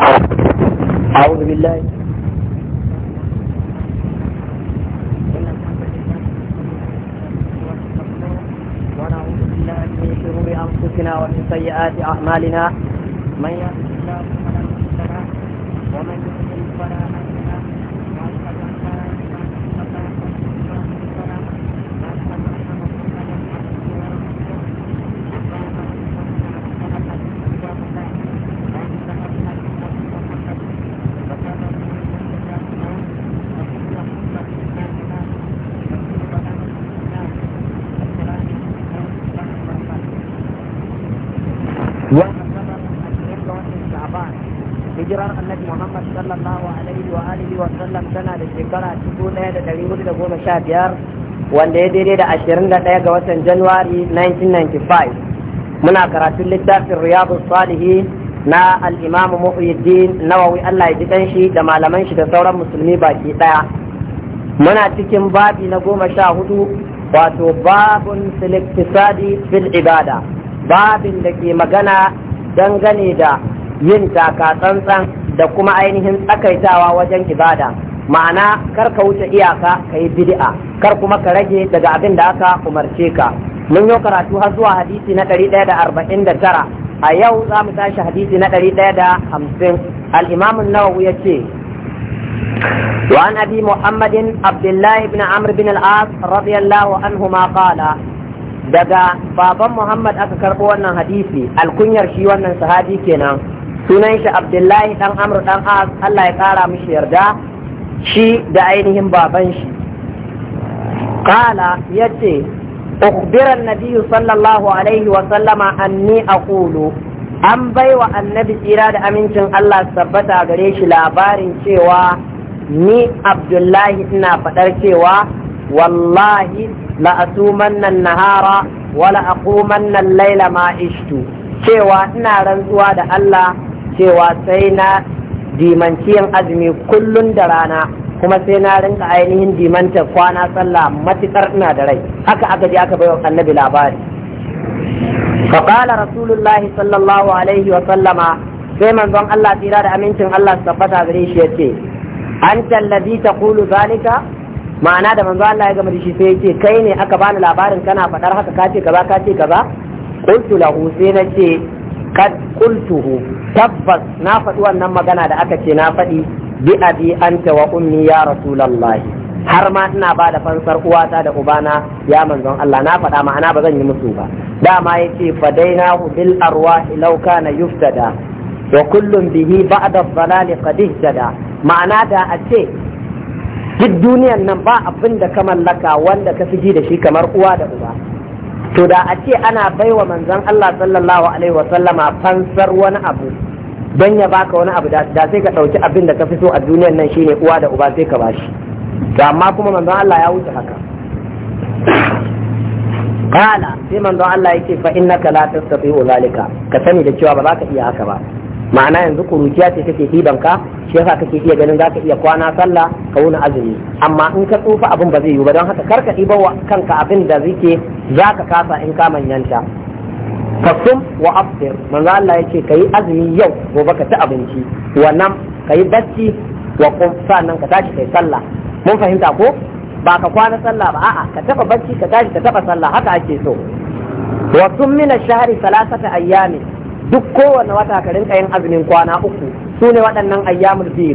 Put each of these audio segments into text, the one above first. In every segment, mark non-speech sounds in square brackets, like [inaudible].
أعوذ بالله ونعوذ بالله من شرور أنفسنا ومن سيئات أعمالنا من يهده الله فلا shekara cikin ɗaya da ɗari hudu da goma sha biyar wanda ya daidai da ashirin da ɗaya ga watan januwari 1995 muna karatun littafin riyadu salihi na al'imamu muhyiddin nawawi allah ya ji shi da malaman shi da sauran musulmi baki ɗaya muna cikin babi na goma sha hudu wato babun filiktisadi fil ibada babin da ke magana dangane da yin taka tsantsan da kuma ainihin tsakaitawa wajen ibada ma'ana kar ka wuce iyaka ka yi bid'a kar kuma ka rage daga abin da aka umarce ka mun yi karatu har zuwa hadisi na 149 a yau za mu tashi hadisi na 150 al-imam an-nawawi yace وعن ابي محمد عبد الله بن عمرو بن العاص رضي الله عنهما قال daga baban Muhammad aka karɓo wannan hadisi alkunyar shi wannan sahabi kenan sunan shi Abdullahi dan Amr dan As Allah ya kara mishi yarda shi da ainihin baban shi kala ya ce ukbiran nabiyu sallallahu alaihi sallama anni aqulu an wa annabi tsira da amincin Allah tabbata gare shi labarin cewa ni abdullahi ina faɗar cewa wallahi la asumannan nahara wala aqumannan laila ma ishtu cewa ina rantsuwa da Allah cewa sai na dimanciyan azumi kullum da rana kuma sai na rinka ainihin dimanta kwana sallah matukar ina da rai haka aka je aka baiwa annabi labari faqala rasulullahi sallallahu alaihi wa sallama sai manzon Allah tsira da amincin Allah su tabbata gare shi yace anta allazi taqulu zalika ma'ana da manzo Allah ya gama da shi sai yace kai ne aka bani labarin kana fadar haka kace gaba kace kaza qultu lahu sai nace qultuhu tabbas na faɗi wannan magana da aka ce na faɗi bi abi anta wa ummi ya rasulullahi har ma ina ba da fansar uwata da ubana ya manzon Allah na faɗa ma'ana ba zan yi musu ba dama yace fadainahu bil arwahi law kana yuftada wa kullun bihi ba'da dhalali qad ihtada ma'ana da a ce duk duniyan nan ba abin da ka mallaka wanda ka fi ji da shi kamar uwa da uba to da a ce ana baiwa manzon Allah sallallahu alaihi wasallama fansar wani abu don ya baka wani abu da sai ka ɗauki abin da ka fi so a duniyar nan shine uwa da uba sai ka bashi to amma kuma manzon Allah ya wuce haka qala sai manzon Allah yake fa innaka la tastati'u zalika ka sani da cewa ba za ka iya haka ba ma'ana yanzu kuruciya ce take ɗiban ka shi yasa kake iya ganin zaka iya kwana sallah ka wuni azumi amma in ka tsufa abin ba zai yi ba don haka karka ɗiban wa kanka abin da zike ka kasa in ka manyanta fasum wa aftir manzo Allah yace kayi azumi yau gobe ka ci abinci wa nam kayi bacci wa qum sannan ka tashi kai sallah mun fahimta ko ba ka kwana sallah ba a'a ka taba bacci ka tashi ka taba sallah haka ake so wa sum min ash-shahri thalathata ayyamin duk kowane wata ka rinka yin azumin kwana uku su ne waɗannan ayyamul biyu,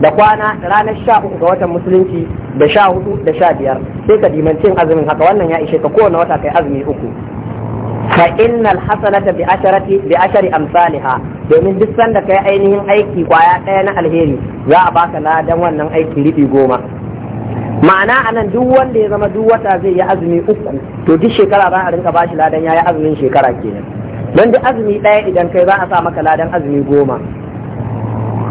da kwana da ranar sha uku ga watan musulunci da sha hudu da sha biyar sai ka dimanci azumin haka wannan ya ishe ka kowane wata kai azumi uku fa innal hasanata bi asharati bi ashari amsalha domin duk sanda kai ainihin aiki kwaya ɗaya na alheri za a baka ladan wannan aiki ribi goma ma'ana anan duk wanda ya zama duk wata zai yi azumi uku to duk shekara za a rinka bashi ladan yayi azumin shekara kenan don da azumi ɗaya idan kai za a sa maka ladan azumi goma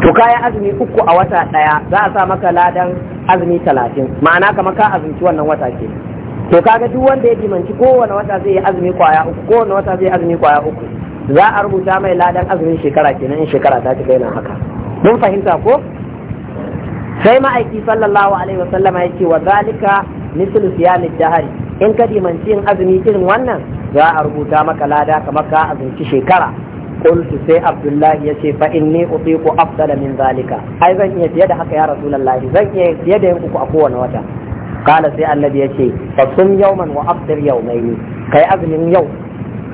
to kayan azumi uku a wata ɗaya za a sa maka ladan azumi talatin ma'ana kama ka azumci wannan wata ke to kaga duk wanda ya dimanci kowane wata zai yi azumi kwaya uku kowane wata zai azumi kwaya uku za a rubuta mai ladan azumin shekara kenan in shekara ta ci yana haka mun fahimta ko sai ma'aiki sallallahu alaihi wasallama ya ce wa zalika mislu siyamid dahari in ka dimanci yin azumi irin wannan za a rubuta maka lada kamar ka azumci shekara qultu sai abdullahi yace fa inni utiqu afdala min zalika ai zan iya fiye da haka ya rasulullahi zan iya fiye da yanku uku a kowane wata kala sai annabi yace fa sum yawman wa afdir yawmayni kai azumin yau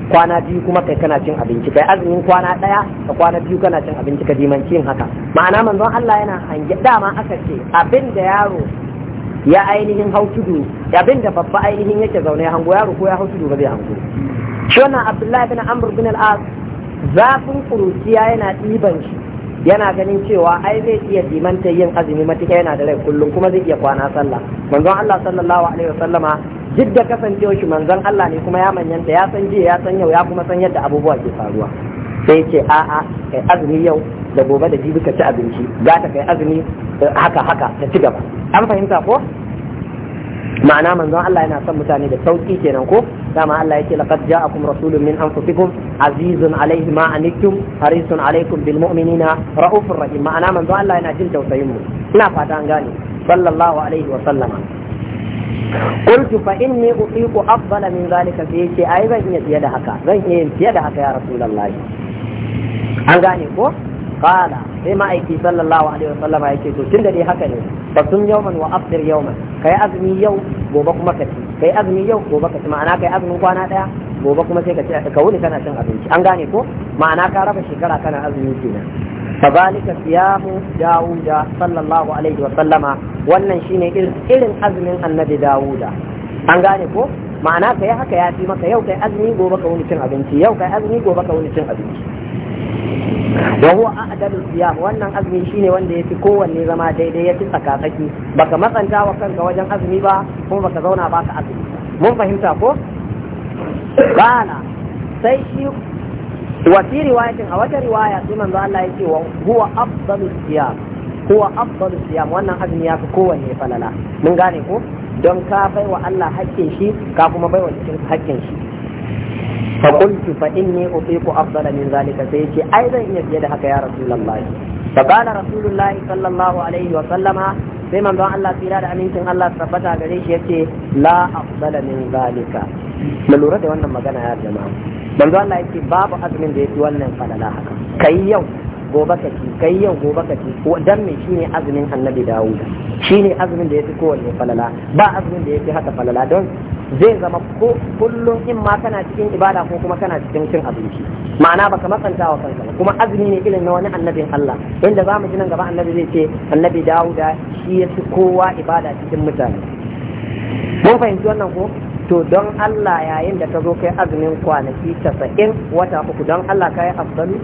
kwana biyu kuma kai kana cin abinci kai azumin kwana daya ka kwana biyu kana cin abinci ka dimanci yin haka ma'ana manzon Allah yana hange dama aka ce abin da yaro ya ainihin hau tudu abin babba ainihin yake zaune hango yaro ko ya hau tudu ba zai hango shi wannan abdullahi bin amr bin al-as zafin kuruciya yana ɗiban shi yana ganin cewa ai zai iya dimanta yin azumi matuƙa yana da rai kullum kuma zai iya kwana sallah manzon Allah sallallahu alaihi wasallama duk da kasancewa shi manzon Allah ne kuma ya manyanta ya san jiya ya san yau ya kuma san yadda abubuwa ke faruwa sai ce a'a kai azumi yau da gobe da jibi ka ci abinci za ta kai azumi eh, haka haka ta ci gaba an fahimta ko ma'ana manzon Allah yana son mutane da sauki kenan ko dama Allah yake laqad ja'akum rasulun min anfusikum azizun alayhi ma anittum harisun alaykum bil mu'minina raufur rahim ma'ana manzon Allah yana jin tausayin mu ina fata an gane sallallahu alaihi wa sallama قلت فإني أطيق أفضل من ذلك في شيء أيضا إن زيادة هكا زي إن زيادة هكا يا رسول الله an gane ko kala sai ma'aiki sallallahu alaihi wa wasallama yake to tun da dai haka ne fa sun yawman wa aftir yawman kai azumi yau gobe kuma ka ci kai azumi yau gobe ka ci ma'ana kai azumin kwana daya gobe kuma sai ka ci ka wuni kana cin abinci an gane ko ma'ana ka raba shekara kana azumi kenan فذلك صيام داوود sallallahu alaihi wa sallama wannan shine irin azumin annabi dawuda an gane ko ma'ana kai haka ya fi maka yau kai azumi gobe ka wuni cin abinci yau kai azumi gobe ka wuni cin abinci wa huwa a'dalu siyam wannan azumi shine wanda yafi kowanne zama daidai yafi tsakatsaki baka matsanta wa kanka wajen azumi ba kuma baka zauna ba ka azumi mun fahimta ko bana sai shi wa fi a wata riwaya sai manzo Allah yake wa huwa afdalu siyam huwa afdalu siyam wannan azumi yafi kowanne falala mun gane ko don ka baiwa Allah hakkin shi ka kuma baiwa cikin hakkin shi fa qultu fa inni utiqu afdala min zalika sai yace ai zan iya fiye da haka ya rasulullahi fa qala rasulullahi sallallahu alaihi wa sallama sai manzon Allah tsira da amincin Allah tabbata gare shi yace la afdala min zalika lura da wannan magana ya jama'a manzo Allah yace babu azumin da fi wannan falala haka kai yau gobe ka ci kai yau gobe ka ci dan me shine azumin annabi dawud shine azumin da yafi kowanne falala ba azumin da yafi haka falala don zai zama ko kullum in ma kana cikin ibada ko kuma kana cikin cin abinci ma'ana baka matsanta wa kanka kuma azumi ne irin na wani annabin Allah inda zamu ji nan gaba annabi zai ce annabi dawuda shi yafi kowa ibada cikin mutane mun fahimci wannan ko to don Allah yayin da ka zo kai azumin kwanaki 90 wata uku don Allah kai afdalu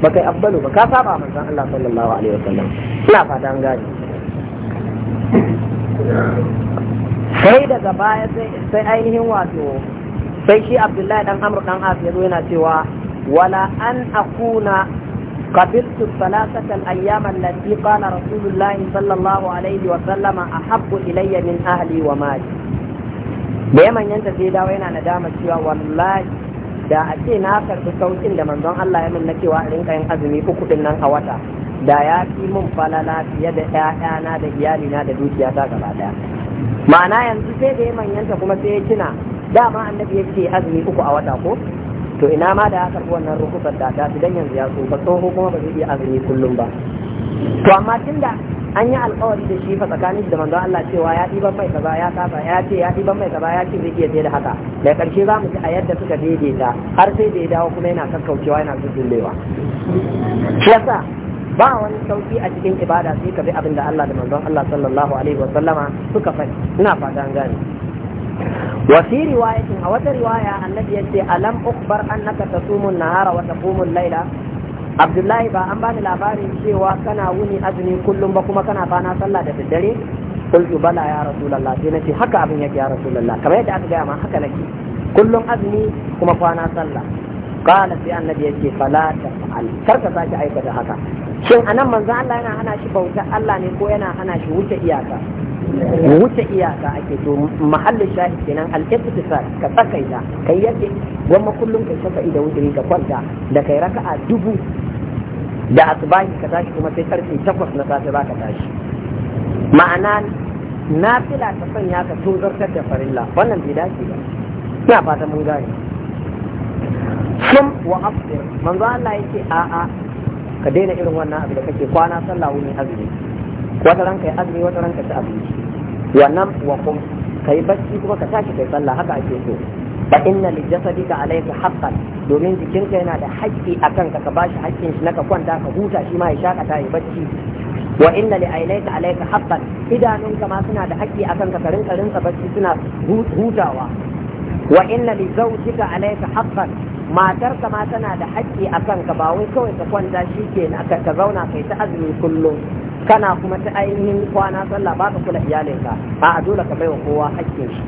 baka kai abbalu ba ka saba manzon Allah sallallahu alaihi wasallam ina fata an gane sai daga baya sai ainihin wato sai shi abdullahi dan amr dan as yazo yana cewa wala an akuna قبلت الثلاثة الأيام التي قال رسول الله صلى الله عليه وسلم أحب إلي من أهلي ومالي da yaman yanta sai dawo yana nadama cewa da a ce na karɓi saukin da manzon Allah ya min na cewa in yin azumi uku din nan a wata da ya fi mun falala fiye da ƴaƴana da iyalina da dukiya ta gaba daya ma'ana yanzu sai da ya manyanta kuma sai ya kina dama annabi ya ce azumi uku a wata ko to ina ma da ya karɓi wannan rukusar da ta dan yanzu ya so ba tsoho kuma ba zai iya azumi kullum ba to amma tunda an yi alkawari da shi fa tsakanin da manzo Allah cewa ya diban mai kaza ya saba ya ce ya ɗiban mai kaza ya ce zai iya je da haka da ƙarshe za mu ji a yadda suka daidaita har sai da ya dawo kuma yana kakkaucewa yana zuzzullewa shi yasa ba wani sauki a cikin ibada sai ka bi abin da Allah da manzo Allah sallallahu alaihi wa sallama suka faɗi ina fata an gane وفي رواية أو رواية النبي يقول ألم أخبر أنك تصوم النهار وتقوم الليل abdullahi ba an bani labarin cewa kana wuni azumi kullum ba kuma kana bana sallah da daddare kullu bala ya rasulullah sai nace haka abin yake ya rasulullah kamar yadda aka gaya ma haka nake kullum azumi kuma kwana sallah qala sai annabi yake fala tafal kar ka sake aikata haka shin anan manzo Allah yana hana shi bauta Allah ne ko yana hana shi wuce iyaka wuce iyaka ake to mahallin shahi kenan al-ittifaq ka tsakaita kai yadda gwamma kullum kai shafa'i da wuri ka kwanta da kai raka'a dubu da asbahi ka tashi kuma sai karfe takwas na safe ba ka tashi ma'ana nafila ta sanya ka tozartar da farilla wannan bai dace ba ina fata mun gane sum wa afdir manzo Allah yake a'a ka daina irin wannan abu da kake kwana sallah wuni azumi wata ranka ya azumi wata ranka ta abinci Wannan nam wa kum kai bacci kuma ka tashi kai sallah haka ake so fa inna li jasadika alayka haqqan domin jikinka yana da haƙƙi akan ka ka bashi haƙƙin shi na ka kwanta ka huta shi ma ya shakata ya bacci wa inna li aynayka alayka haqqan idanunka ma suna da haƙƙi akan ka karin karin bacci suna hutawa wa inna li zawjika alayka haqqan matarka ma tana da haƙƙi akan ka ba wai kawai ka kwanta shi ke ka zauna kai ta azumi kullum kana kuma ta ainihin kwana sallah ba ka kula iyalinka a dole ka bai wa kowa hakkin shi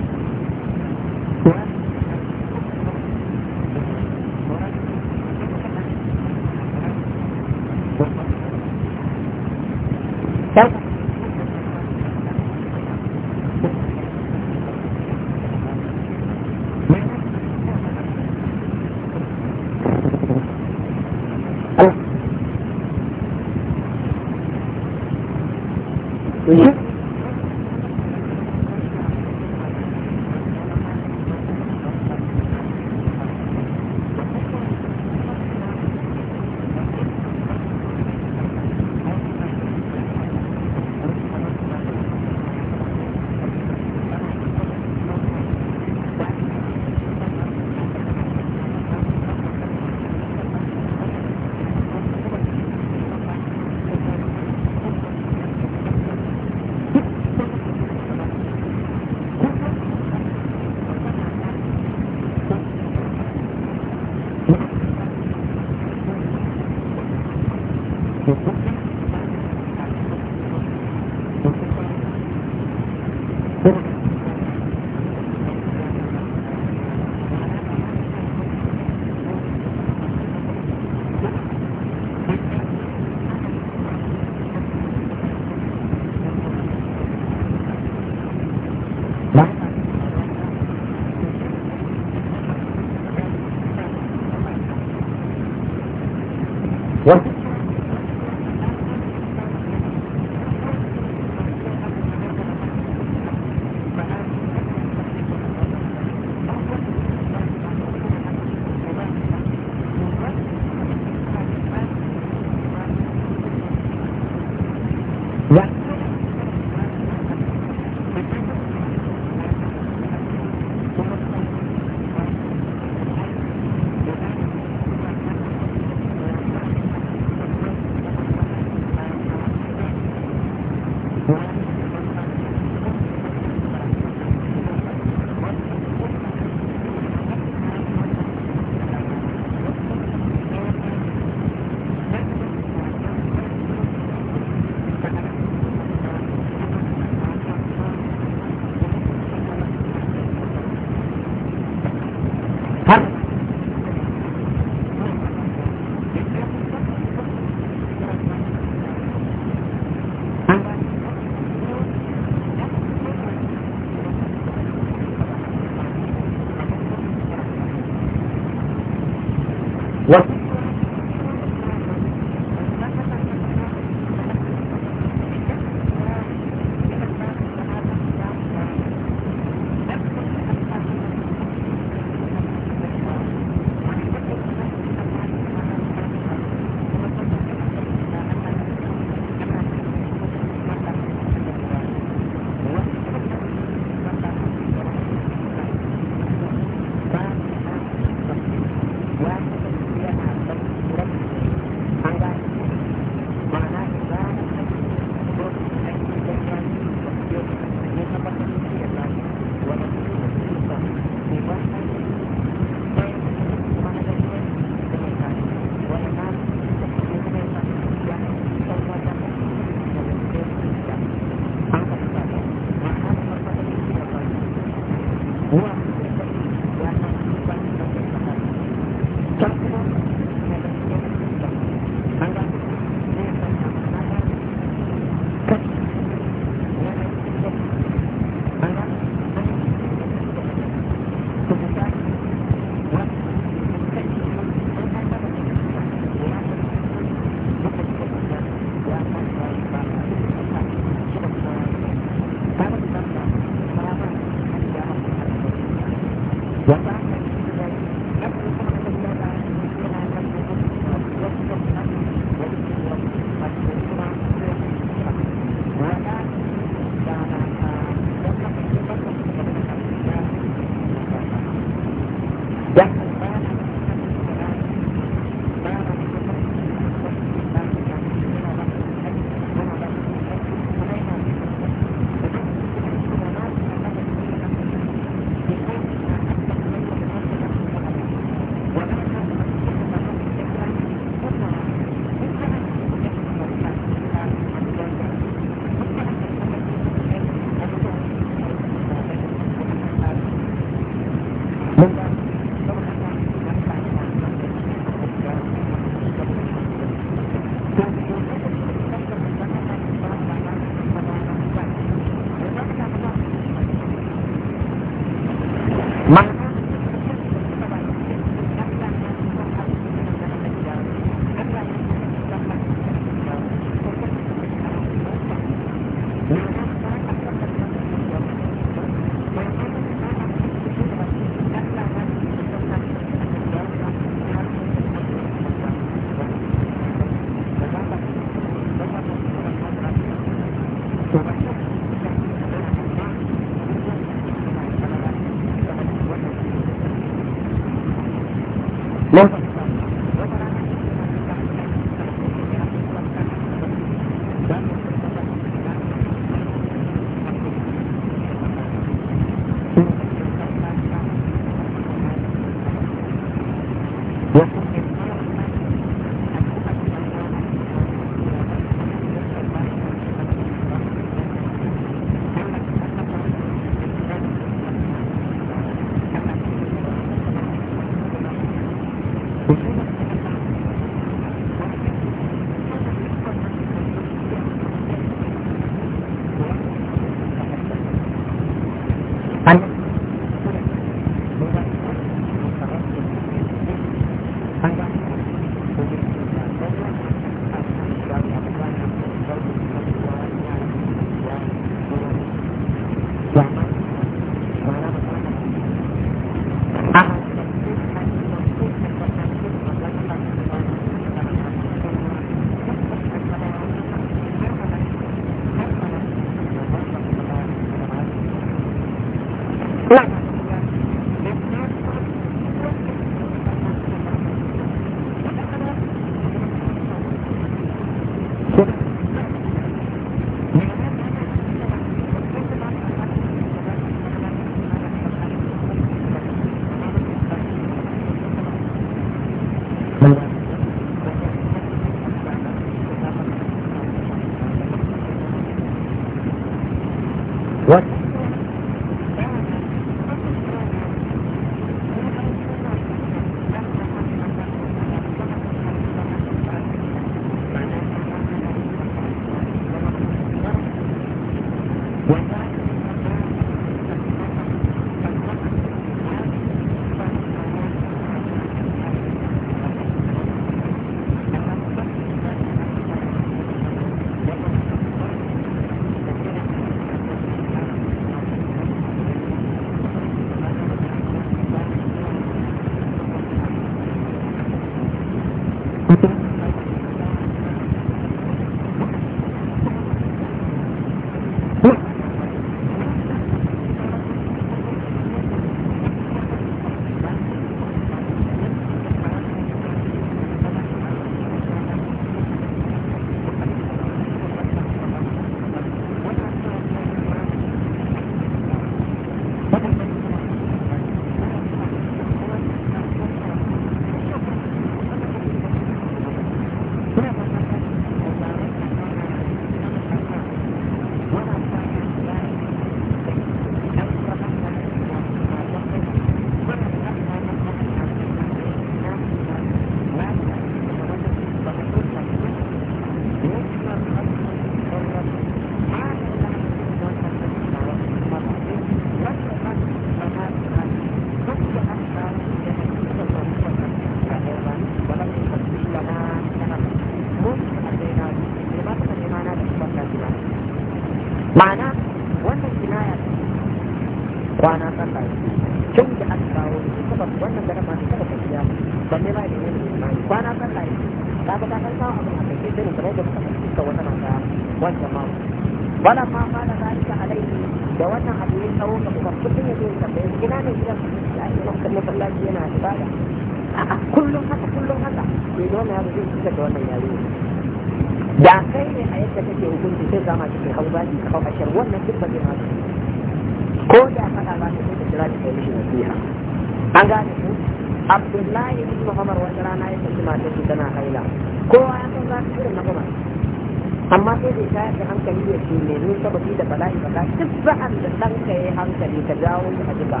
amma sai zai shayar da hankali ya ce mene sababi da bala'i ba duk ba'an da ɗanka ya yi hankali ka dawo shi a jika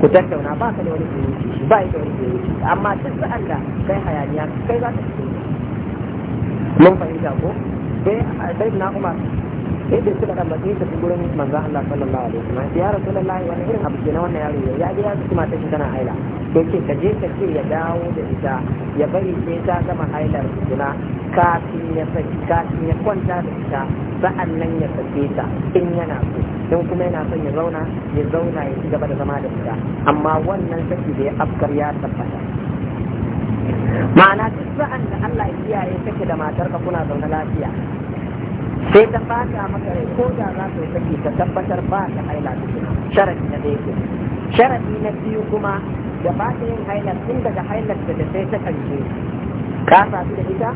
ku tattauna ba ka da wani zumunci shi ba da wani zumunci amma duk sa'an da kai hayaniya kai za ka ci mun fahimta ko sai eh, sai na kuma sai da suka dan bakin tafi gurin manzon Allah sallallahu alaihi wasallam ya rasulullahi wani irin abu ke na wannan yaro ya ya ji kuma ta tana haila to ce ka je ka ce ya dawo da ita ya bari sai ta gama hailar suna kafin ya saki kafin ya kwanta da ita sa'an nan ya sake ta in yana so don kuma yana son ya zauna ya zauna ya ci gaba da zama da ita amma wannan saki da ya afkar ya tabbata ma'ana duk sa'an da Allah ya kiyaye kake da matar ka kuna zaune lafiya sai ta fata maka rai ko da za ta saki ta tabbatar ba ta haila sharadi na daya sharadi na biyu kuma da ba ta yin haila tun daga hailar da sai ta karshe ka faɗi da ita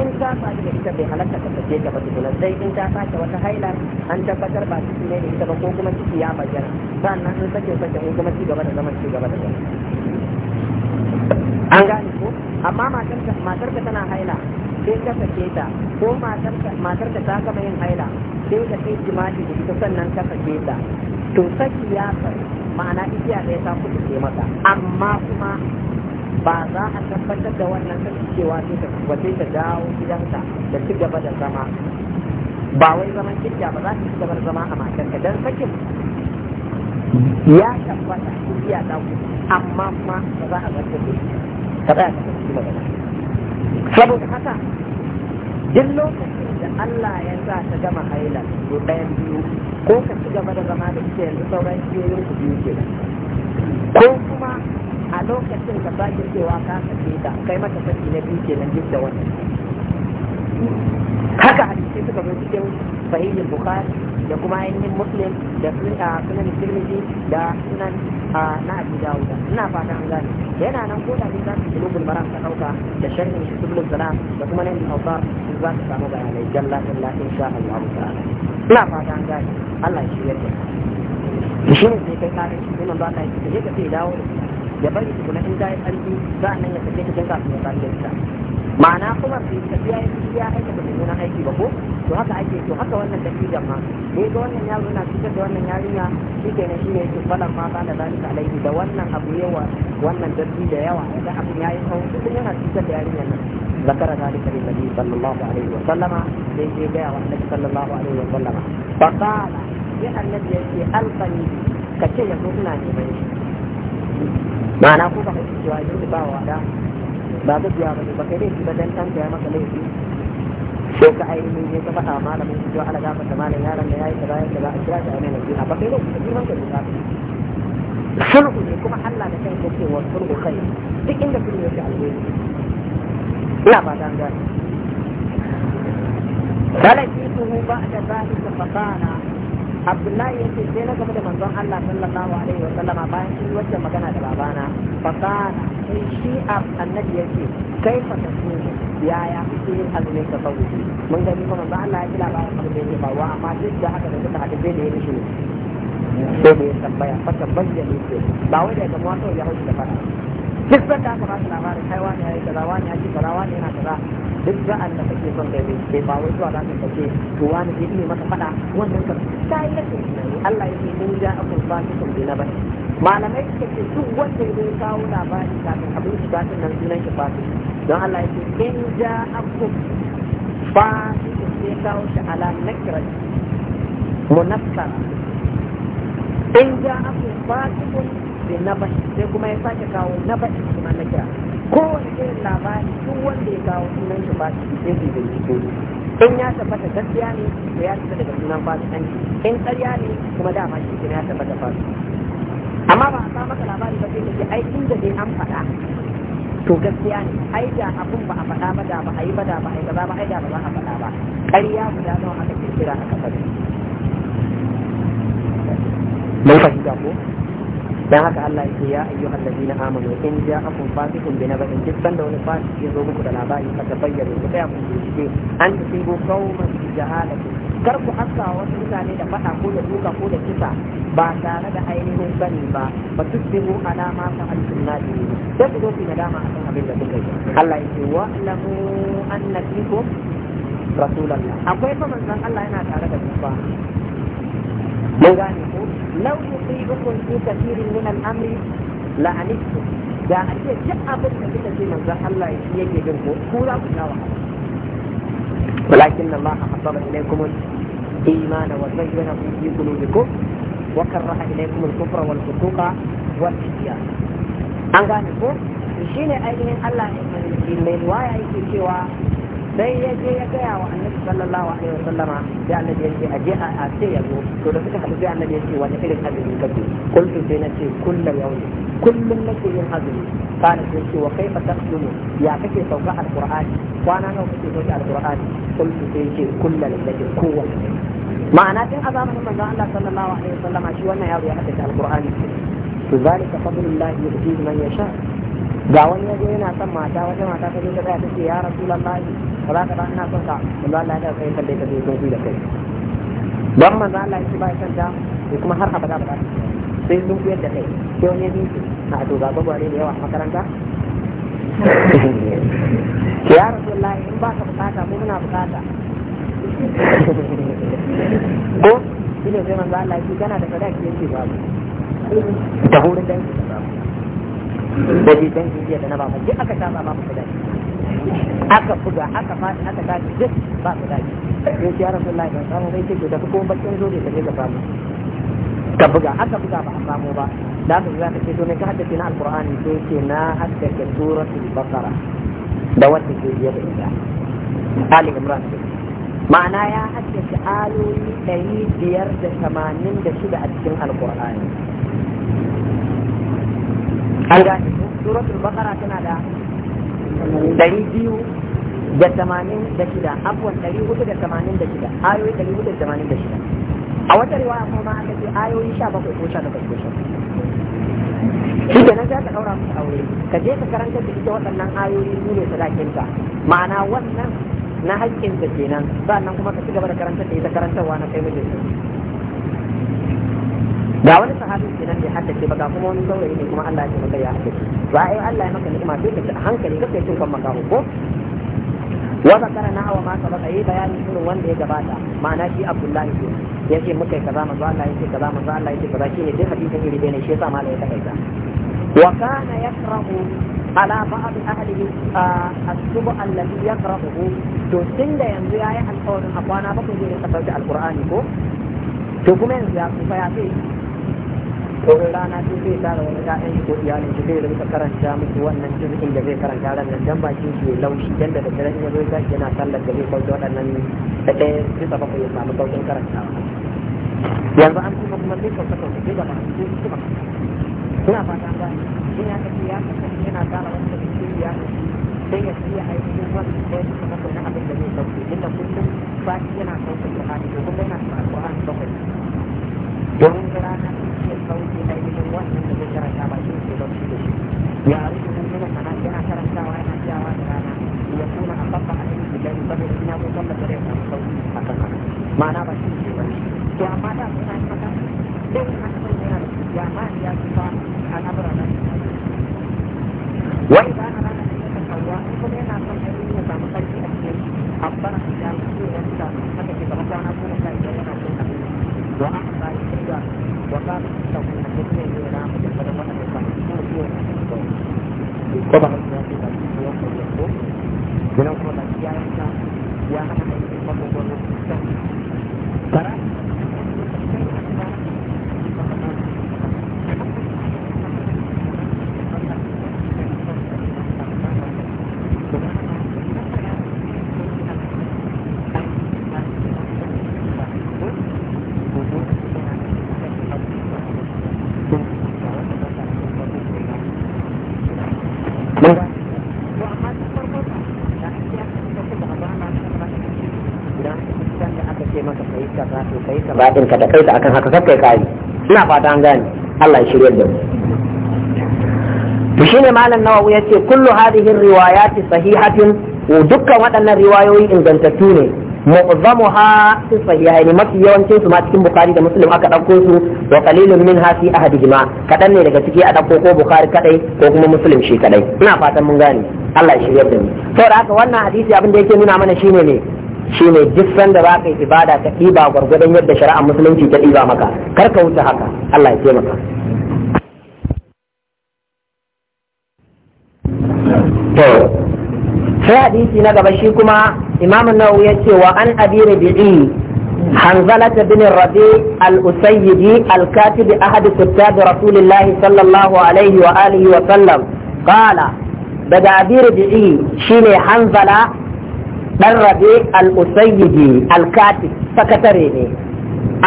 in ka faɗi da ita bai halatta ka sake ta ba tukuna sai in ta sake wata haila an tabbatar ba ciki ne da ita ba ko kuma ciki ya bayyana sannan in sake sake in kuma ci gaba da zama, ci gaba da zama. an gane ko amma matar ka tana haila sai ka sake ta ko matar ka ta gama yin haila sai ka kai jima'i da ita sannan ka sake ta to saki ya ma'ana ya ɗaya ta kuɗi maka amma kuma ba za a tabbatar da wannan kasancewa ce ta ba sai ta dawo gidanta, da ci gaba da zama ba wai zaman kirkiya ba za ta ci gaba da zama a matarka dan sakin ya tabbata iya dawo, amma ma ba za a zarta da ka tsaya ka ci magana saboda haka duk lokacin da Allah ya sa ta gama haila ko ɗayan biyu ko ka ci gaba da zama da ita yanzu sauran biyu ku biyu ke ko kuma a lokacin da ba ki cewa ka kace ta kai mata saki na biyu kenan duk da wannan haka hadisi suka zo cikin sahihin bukhari da kuma ainihin muslim da sunan ah, tirmidhi da sunan ah, na abu dawud ina fata an gane yana nan ko da za su kulubul maram ta dauka da sharhin shi kulubul salam da kuma nan hausa za su samu bayanai jalla jalla insha Allah ta'ala ina fata an gane Allah ya shirya ta shi ne sai kai kare shi kuma ba ka yi ka je dawo da ya bari su kuma in dai an bi sa'an ya tafi cikin kasuwa ta biyar ta ma'ana kuma su yi tafiya ya fi ya aika da mummunan aiki ba ko to haka ake to haka wannan dalilin ma ne ga wannan yaro yana cikin da wannan yarinya shi ke na shi ne yake falar ma bada zani ta alaihi da wannan abu yawa wannan dalilin da yawa ya ga abin ya yi kawo duk yana cikin da yarinya nan zakara zani ta alaihi sallallahu alaihi wa sallama sai ke gaya wa annabi sallallahu alaihi wa sallama ba ƙala ya annabi ya ce alfani ka ce ya ina neman shi ma'ana ko ba kake cewa yanzu ba wa da ba ga biya ba ba kai ne ba dan tanka ya maka laifi ko ka ai ne ka faɗa malamin shi ya ala gafa da malam yaron da yayi kaza kaza a kira shi a nan ne ba kai ne ka ji maka da sulhu ne kuma Allah da kai yake wa sulhu kai duk inda kun yake alheri ina ba dan gani فلقيته بعد ذلك فقال abdullahi ya ce sai na gaba da manzon Allah sallallahu alaihi wa sallama bayan shi wacce magana da babana fa kana sai shi annabi ya ce kai fa ta ce yaya kuke yin azumin ka sabu mun gani kuma manzon Allah ya ji labarin abin da ba, wa amma duk da haka da duka hadisai da ya mishi sai da ya tambaya fa tabbayya ne ba wai da ga mawato ya haushi da fara duk sanda aka ba shi labarin kai wani yayi kaza wani ya ce kaza wani yana kaza duk sa'an da kake son kai bai ba wai zuwa zaka kace to wani zai iya maka fada wannan kan sai da kai Allah ya ce in ja akun ba ki kun bi na ba malamai suka ce duk wanda ya kawo labarin kafin abin shi kafin nan sunan shi ba don Allah ya ce in ja akun ba ki kun sai kawo shi ala nakra munakkara in ja akun ba ki kun sai na bashi sai kuma ya sake kawo na bashi kuma na kira kowane irin labari duk wanda ya kawo sunan shi ba shi sai su bincike in ya tabbata gaskiya ne to ya fita daga sunan ba fasikanci in ƙarya ne kuma dama shi ya tabbata ba su amma ba a sa maka labari ba sai kace ai inda dai an faɗa to gaskiya ne ai da abun ba a faɗa ba da ba a yi ba da ba a yi ba ba ai da ba za a faɗa ba ƙarya guda nawa aka kirkira aka faɗi Mai fahimta ko dan haka Allah yake ya ayyuhal ladina amanu in ja'akum fasiqun bi nabain duk sanda wani fasiki ya zo muku da labari ka tabayyana ku tsaya da bincike an tusibu kauma bi jahalati kar ku haska wasu mutane da fada ko da duka ko da kisa ba tare da ainihin sani ba ba su tusibu alama ta al-sunnati sai ku zo na nadama akan abin da kuka yi Allah yake wa lamu annakum rasulullah akwai fa manzon Allah yana tare da ku ba mun gane lau yusibukum fi kathirin min al-amri da a ce duk abin da kuka ce manzon Allah shi yake jin ko ku za ku sha wahala walakin Allah habbaba ilaykum الإيمان وزينه في قلوبكم وكره wal الكفر والفسوق والعصيان an gane ko shi ne ainihin Allah mai ruwaya yake cewa sai ya je ya gaya wa annabi sallallahu alaihi wasallam sai annabi ya ce a je a ce ya zo to da suka haɗu sai annabi ya ce wani irin azumi kake kullu sai na ce kullu yau kullum nake yin azumi kana sai ce wa kaifa taqdumu ya kake sauka alqur'ani kwana nawa kake sauka alqur'ani kullu sai ce kullu lailatin kowace ma'ana tun a zamanin manzon Allah sallallahu alaihi wasallam shi wannan yaro ya haddace alqur'ani to zalika fadlullahi yu'tihi man yasha ga wani yazo yana son mata wata mata ta zo ta tsaya ta ce ya rasulullahi kaza ba ina son ka manzo Allah ya kai kalle ka da kai dan manzo Allah ya ba ta ko kuma har abada ba sai sun kuyar da kai sai wani na to ga da yawa a makaranta [laughs] ya rasulullahi in ba ka bukata mu muna bukata [laughs] ko sai manzo Allah kana da sadaki yake ba ta hurin da ba da na ba mu duk aka ba aka buga aka faɗi aka tashi duk ba su dace sai ya rasu Allah ban samu bai take da kuma bakin zo ne da je ka samu ka buga aka buga ba a samu ba da haka za ka ce to ne ka haddace na alqur'ani sai ce na haddace suratul baqara da wanda ke biye da ita ali imran ma'ana ya haddace aloli ɗari biyar da tamanin da shida a cikin alqur'ani an gane suratul baqara tana da ɗari biyu da tamanin da shida abuwan ɗari hudu da tamanin da shida ayoyi ɗari hudu da tamanin da shida a wata riwaya kuma ma aka ce ayoyi sha bakwai ko sha bakwai ko sha shi kenan za ka ɗaura musu aure ka je ka karanta da ita waɗannan ayoyi su ne ka. ma'ana wannan na da kenan sannan kuma ka ci gaba da karanta da ita karantarwa na kai mijinsa ga wani sahabi idan ne haddace ba ga kuma wani saurayi ne kuma Allah ya maka ya haddace ba ai Allah ya maka ni'ima sai ka ci a hankali kai cin kan makaho ko wa zakara na awa ma sabaka yi bayani irin wanda ya gabata ma'ana shi Abdullahi ne yake muka kaza manzo Allah yake kaza manzo Allah yake kaza shine duk hadisin iri ne shi yasa malai ya takaita wa kana yakrahu tinda yanzu yayi alƙawarin الذي bakwai ne ka عن alqur'ani ko to kuma yanzu ya تكمن ya sai gobe rana sai zai tara wani ɗayan shi ko iyalin shi zai rinka karanta musu wannan jirgin da zai karanta ran nan dan bakin shi laushi dan da daddare in yazo ya yana sallar da zai kauce waɗannan da ɗaya bisa bakwai ya samu sauƙin karantawa yanzu an kuma kuma zai kauce kauce zai da ba zai su ba fata ba in ya kace ya kasance yana tara wani da cikin iyalin shi sai ya iya ainihin wannan ɗaya bisa bakwai na abin da zai sauke inda kullum baki yana sauƙin Qur'ani to kuma yana sauƙin Qur'ani bakwai domin rana kauce ainihin wannan da zai karanta ba shi ke bacci da shi ya rufe nan yana sana yana karantawa yana jawa da rana ya kuna a babba a cikin gidan saboda ina ko sallar da zai samu sauki a kan haka ma'ana ba shi ke bacci to amma da suna yi maka dai in aka yana da ya ma ya fi ba al'amura na wani kaza din ka takai ta akan haka kakkai kai ina fata an gane Allah ya shirye da mu to shine malam nawawi yace kullu hadhihi riwayati sahihatin dukkan waɗannan riwayoyi ingantattu ne mu'zamuha fi sahihain mafi yawancin su ma cikin bukhari da muslim aka dauko su wa qalilun minha fi ahadihima kadan ne daga ciki a dauko ko bukhari kadai ko kuma muslim shi kadai ina fatan mun gane Allah ya shirye da mu saboda haka wannan hadisi abin da yake nuna mana shine ne shi ne duk sanda ba ka yi ibada ka ɗiba gwargwadon yadda shari'a musulunci ta ɗiba maka kar ka wuce haka Allah ya ce maka. sai hadisi na gaba shi kuma imam nau ya ce wa an abi rabi'i حنظلة al الربيع al الكاتب أحد كتاب رسول sallallahu alaihi wa عليه wa sallam, قال daga abi rabi'i shine hanzala dan rabi al-usayyidi al-katib sakatare ne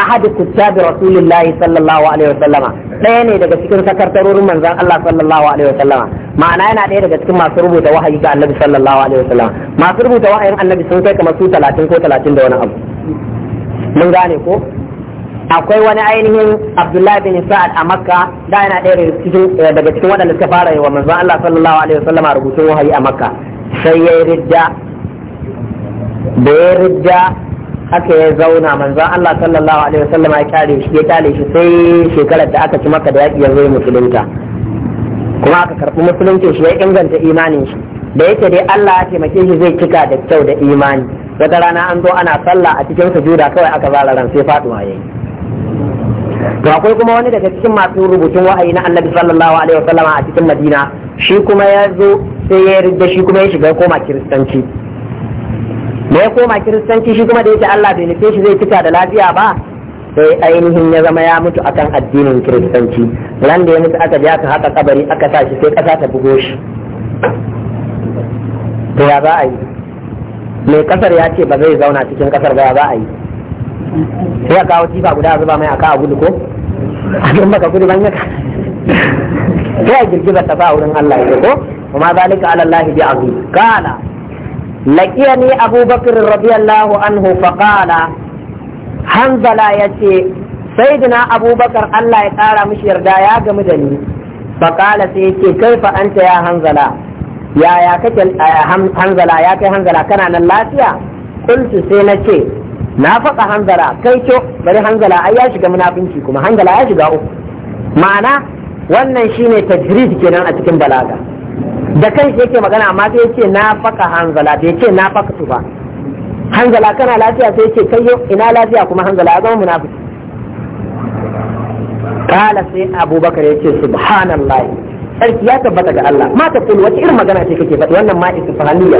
ahad kuttabi rasulillahi sallallahu alaihi wasallama ɗaya ne daga cikin sakartarorin manzon Allah sallallahu alaihi wasallama ma'ana yana ɗaya daga cikin masu rubuta wahayi ga annabi sallallahu alaihi wasallama masu rubuta wahayin annabi sun kai kamar su 30 ko 30 da wani abu mun gane ko akwai wani ainihin abdullahi bin sa'ad a makka da yana ɗaya eh, daga cikin waɗanda suka fara yi wa manzon Allah sallallahu alaihi wasallama rubutun wahayi a makka sai ya yi ridda da ya rija haka ya zauna manzon Allah sallallahu alaihi wasallam ya kare shi ya kare shi sai shekarar da aka ci maka da yaƙi ya zo musulunta kuma aka karɓi musulunci shi ya inganta imanin shi da yake dai Allah ya taimake shi zai kika da kyau da imani wata rana an zo ana sallah a cikin sujuda kawai aka zara ran sai faduwa yayi to akwai kuma wani daga cikin masu rubutun wa'ayi na Annabi sallallahu alaihi wasallam a cikin Madina shi kuma ya zo sai ya rida shi kuma ya shiga koma kiristanci da ya koma kiristanci shi kuma da yake Allah bai nufe shi zai fita da lafiya ba sai ainihin ya zama ya mutu akan addinin kiristanci ran da ya mutu aka biya ka haka kabari aka sa shi sai kasa ta bugo shi to ya za a yi mai kasar ya ce ba zai zauna cikin kasar ba ya za a yi sai a kawo tifa guda zuba mai aka a gudu ko a don baka gudu ban yaka sai a girgizar ta sa wurin Allah ya ko kuma zalika alallahi bi azim kala laƙiyani abubakar radiyallahu anhu faƙala hanzala ya ce saidina abubakar allah ya ƙara mishi yarda ya gamu da ni faƙala sai ya ce kaifa anta ya hanzala yaya kake hanzala ya kai hanzala kana nan lafiya kultu sai na ce na faɗa hanzala kai co bari hanzala ai ya shiga munafinci kuma hanzala ya shiga uku ma'ana wannan shine tajrid kenan a cikin balaga da kai yake magana amma sai yace na faka hanzala bai ce na faka su ba hanzala kana lafiya sai yace kai ina lafiya kuma hanzala ya zama munafiki kala sai abubakar yace subhanallahi sarki ya tabbata ga Allah ma ta kullu wace irin magana ce kake faɗi wannan ma istifhaniya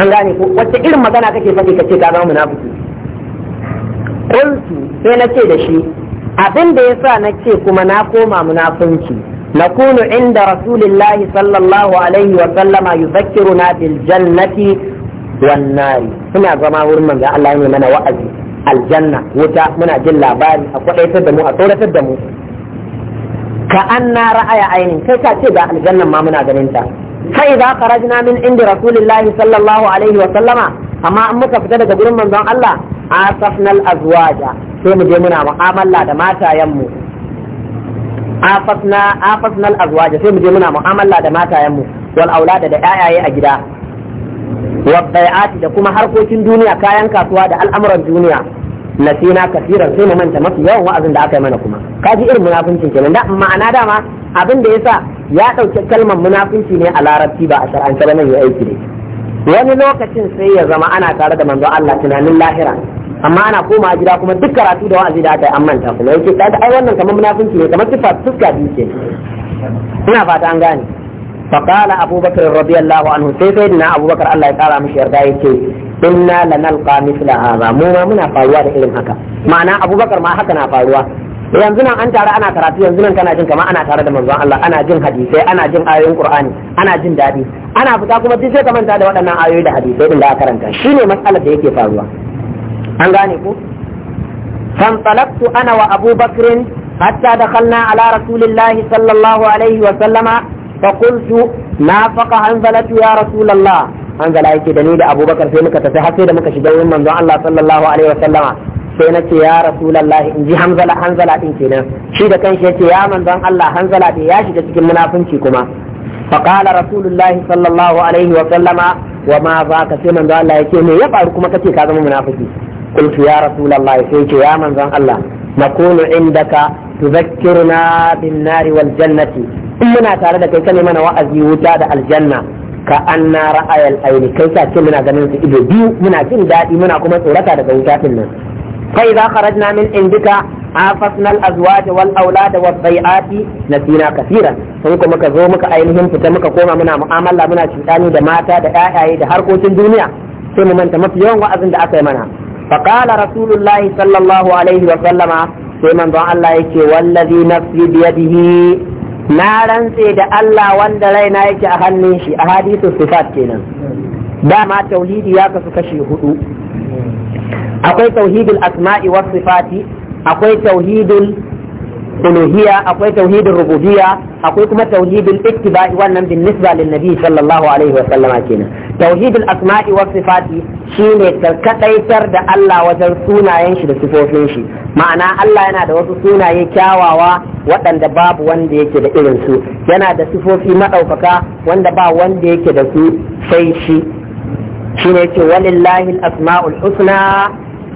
an gane ko wace irin magana kake faɗi kace ka zama munafiki qultu sai nace da shi abin da yasa nace kuma na koma munafunci نكون عند رسول الله صلى الله عليه وسلم يذكرنا بالجنة والنار هنا زما ورم من الله ne mana wa'azi aljanna wuta muna jin labari a kwadaitar da a tsoratar da mu ka an na ra'aya ainin kai ka ce ga aljannan ma muna ganin ta kai za ka rajina min inda rasulillahi sallallahu alaihi wa sallama amma an muka fita daga gurin manzon Allah asafnal azwaja sai mu je muna mu'amala da matayen mu afasna afasna al-azwaja sai mu je muna mu'amala da matayen mu wal aulada da yayaye a gida wa bai'ati da kuma harkokin duniya kayan kasuwa da al'amuran duniya nasina kafiran sai mu manta mafi yawan wa'azin da aka yi mana kuma kaji irin munafincin kenan da ma'ana dama abin da yasa ya dauke kalmar munafunci ne a larabci ba a shar'ance ba nan ya aiki ne wani lokacin sai ya zama ana tare da manzo Allah tunanin lahira amma ana koma gida kuma duk karatu da wa'azi da aka yi an manta kuma yake kaga ai wannan kamar munafinci ne kamar tufa fuska biyu ke ina fata an gane فقال أبو بكر sai الله عنه سيدنا أبو بكر الله تعالى مش يرضى إنا لنلقى mithla hadha mu ma muna faruwa da irin haka ma'ana abubakar ma haka na faruwa yanzu nan an tare ana karatu yanzu nan kana jin kamar ana tare da manzon Allah ana jin hadisai ana jin ayoyin Qur'ani ana jin dadi ana fita kuma duk sai ka manta da waɗannan ayoyi da hadisai din da aka karanta shine matsalar da yake faruwa an gane ku فانطلقت أنا وأبو بكر حتى دخلنا على رسول الله صلى الله عليه وسلم فقلت نافق أنزلت يا رسول الله أنزل sai دنيد tafi بكر في مكة تسحسي دمك شجوين من allah sallallahu alaihi wa sallama sai na ce ya rasulallah in ji hanzala hanzala din kenan shi da kanshi ya ce ya manzon Allah hanzala din ya shiga cikin munafunci kuma fa qala rasulullah sallallahu alaihi wa sallama wa ma za ka sai manzon Allah ya ce me ya faru kuma kace ka zama munafiki qultu ya rasulullah sai ce ya manzon Allah nakunu indaka tuzakkiruna bin nari wal jannati in muna tare da kai kani mana wa'azi wuta da aljanna ka anna ra'ayal aini kai sa ce muna ganin su ido biyu muna jin daɗi muna kuma tsorata daga wuta din nan fa idza kharajna min indika afasna al-azwaj wal aulad wa bai'ati nasina kaseeran sai kuma ka zo muka ainihin fita muka koma muna mu'amala muna cuɗani da mata da ƴaƴaye da harkokin duniya sai mu manta mafi yawan wa'azin da aka yi mana فقال رسول الله صلى الله عليه sai manzon Allah yake wallazi nafsi biyadihi na rantse da Allah wanda raina yake a hannun shi a hadisu sifat kenan dama tauhidi ya kasu kashi huɗu. akwai tauhidul asma'i was sifati akwai tauhidul uluhiyya akwai tauhidin rububiyya akwai kuma tauhidin ittiba'i wannan bin nisba lin nabi sallallahu alaihi wa sallama kenan tauhidul asma'i wa sifati shine kadaitar da Allah wajen sunayen shi da sifofin shi ma'ana Allah yana da wasu sunaye kyawawa waɗanda babu wanda yake da irin su yana da sifofi madaukaka wanda ba wanda yake da su sai shi shine ce walillahi al-asma'ul husna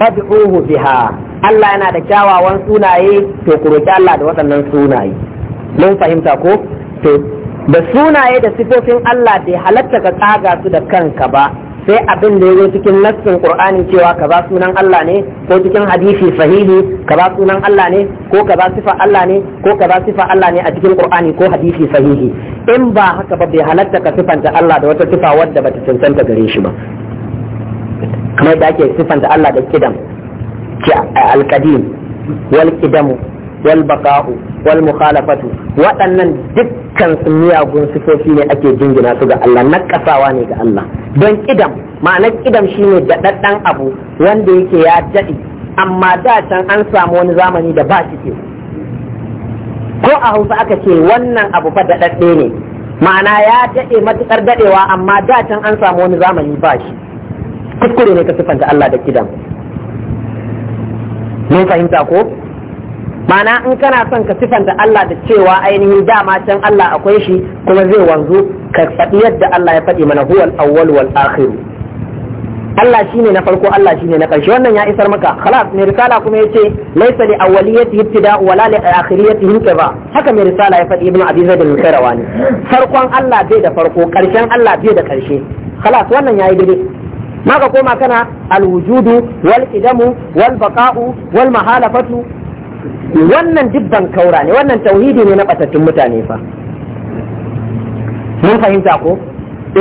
fad'uhu biha Allah yana da kyawawan sunaye to ku roki Allah da waɗannan sunaye mun fahimta ko to da sunaye da sifofin Allah bai halatta ka tsaga su da kanka ba sai abin da ya cikin nassin qur'ani cewa kaza sunan Allah ne ko cikin hadisi sahihi kaza sunan Allah ne ko kaza sifa Allah ne ko kaza sifa Allah ne a cikin qur'ani ko hadisi sahihi in ba haka ba bai halatta ka sifanta Allah da wata sifa wadda bata cancanta gare shi ba kamar da ake sifanta Allah da kidan alƙadim wal ƙidamu wal baka'u wal mukhalafatu waɗannan dukkan su miyagun ne ake jingina su ga Allah na ne ga Allah don ƙidam ma'anar ƙidam shine daɗaɗɗen abu wanda yake ya daɗi amma da can an samu wani zamani da ba shi ko a hausa aka ce wannan abu fa daɗaɗɗe ne ma'ana ya daɗe matuƙar daɗewa amma da can an samu wani zamani ba shi kuskure ne ka sifanta Allah da ƙidam mun fahimta ko mana in kana son ka sifanta Allah da cewa ainihin dama can Allah akwai shi kuma zai wanzu ka faɗi yadda Allah ya faɗi mana huwal awwal wal akhir Allah shine na farko Allah shine na ƙarshe wannan ya isar maka khalas mai risala kuma yace laysa li awwaliyati ibtida wa la li akhiriyati intiba haka mai risala ya faɗi ibnu abi zaid al-qayrawani farkon Allah bai da farko ƙarshen Allah bai da ƙarshe khalas wannan yayi daidai ma ka koma kana alwujudu wal qidamu wal baqa'u wal mahalafatu wannan dibban kaura ne wannan tauhidi ne na batattun mutane fa mun fahimta ko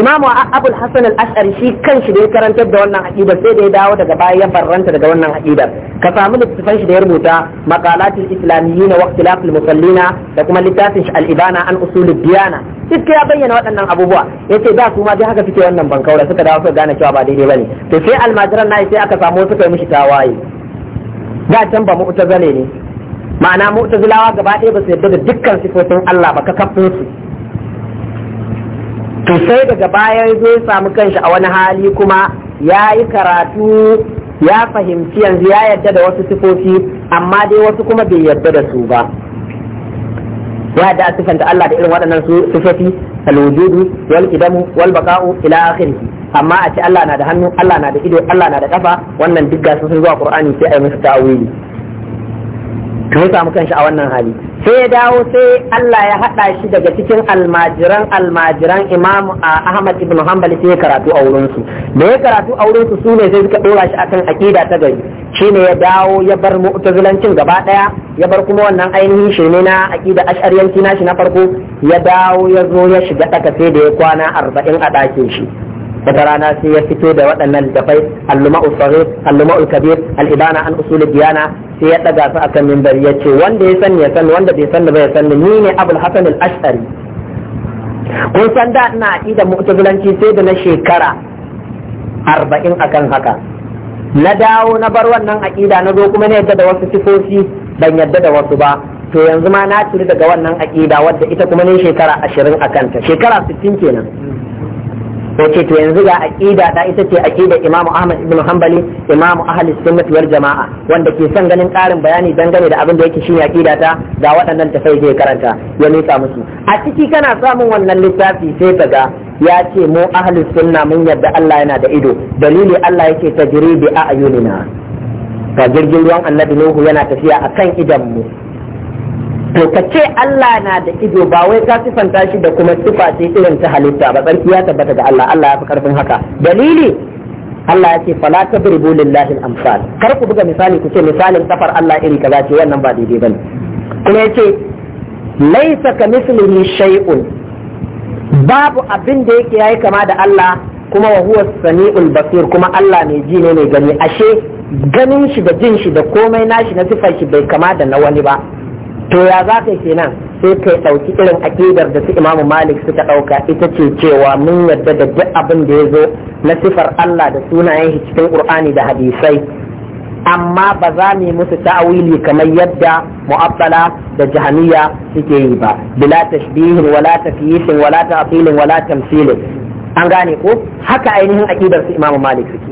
imamu abul hasan al-ash'ari shi kan da ya karantar da wannan aqidar sai da ya dawo daga baya ya barranta daga wannan aqidar ka samu littafin shi da ya rubuta maqalatul islamiyyin wa ikhtilaful musallina da kuma littafin shi al-ibana an usulud diyana duk ya bayyana waɗannan abubuwa ce da su ma dai haka suke wannan bankaura suka dawo suka gane cewa ba daidai bane to sai almajiran nayi sai aka samu suka yi mishi tawaye da can ba mu'tazile ne ma'ana mu'tazilawa gaba ɗaya ba su yarda da dukkan sifofin Allah ba ka kafin su to sai daga baya ya zo ya samu kanshi a wani hali kuma ya yi karatu ya fahimci yanzu ya yarda da wasu sifofi amma dai wasu kuma bai yarda da su ba ya da a sifanta Allah da irin waɗannan sifofi alwujudu wal qidamu wal baqa'u ila akhirih amma a ce Allah na da hannu Allah na da ido Allah na da kafa wannan duk gasu sun zuwa Qur'ani sai a yi musu ta'awili to ya samu kanshi a wannan hali sai ya dawo sai Allah ya haɗa shi daga cikin almajiran almajiran Imam Ahmad ibn Hanbal sai ya karatu a wurin su da ya karatu a wurin su sune sai suka dora shi akan aqida ta gari shine ya dawo ya bar mu'tazilancin gaba daya ya bar kuma wannan ainihin ne na aqida ash'ariyanci shi na farko ya dawo ya zo ya shiga daka sai da ya kwana 40 a ɗakin shi wata rana sai ya fito da waɗannan littafai alluma usarir kabir al-ibana an usul diyana sai ya daga su akan mimbar ya ce wanda ya sani ya sani wanda bai sani ba ya sani ni ne abul hasan al ashari kun san da ina aqida mu'tazilanci sai da na shekara arba'in akan haka na dawo na bar wannan aqida na zo kuma na yadda da wasu sifofi ban yadda da wasu ba to yanzu ma na ciri daga wannan aqida wadda ita kuma ne shekara ashirin a kanta shekara sittin kenan bace to yanzu ga aqida da ita ce aqida Imam Ahmad ibn Hanbali Imam Ahlus Sunnah wal Jama'a wanda ke son ganin ƙarin bayani dangane da abin da yake shine aqida ta ga waɗannan tafai zai karanta ya mika musu a ciki kana samun wannan littafi sai ka ga ya ce mu Ahlus Sunna mun yarda Allah yana da ido dalili Allah yake tajribi a ayunina ga jirgin ruwan Annabi Nuhu yana tafiya akan idan mu to ka ce Allah na da ido ba wai ka sifanta shi da kuma sifa ce irin ta halitta ba tsarki ya tabbata ga Allah Allah ya fi karfin haka dalili Allah ya ce fala tadribu lillahi al-amsal kar ku buga misali ku ce misalin safar Allah iri kaza ce wannan ba daidai bane kuma ce laisa ka mislihi shay'un babu abin da yake yayi kama da Allah kuma wa huwa sami'ul basir kuma Allah mai ji ne mai gani ashe ganin shi da jin shi da komai nashi na sifar shi bai kama da na wani ba to ya za ka kenan sai ka ɗauki irin aƙidar da su imamu malik suka ɗauka ita ce cewa mun yarda da duk abin da ya zo na sifar allah da sunayen shi cikin ƙur'ani da hadisai amma ba za mu yi musu ta'awili kamar yadda mu'abbala da jahaniya suke yi ba bila tashbihin wala tafiyishin wala ta'filin wala tamsilin an gane ko haka ainihin aƙidar su imamu malik suke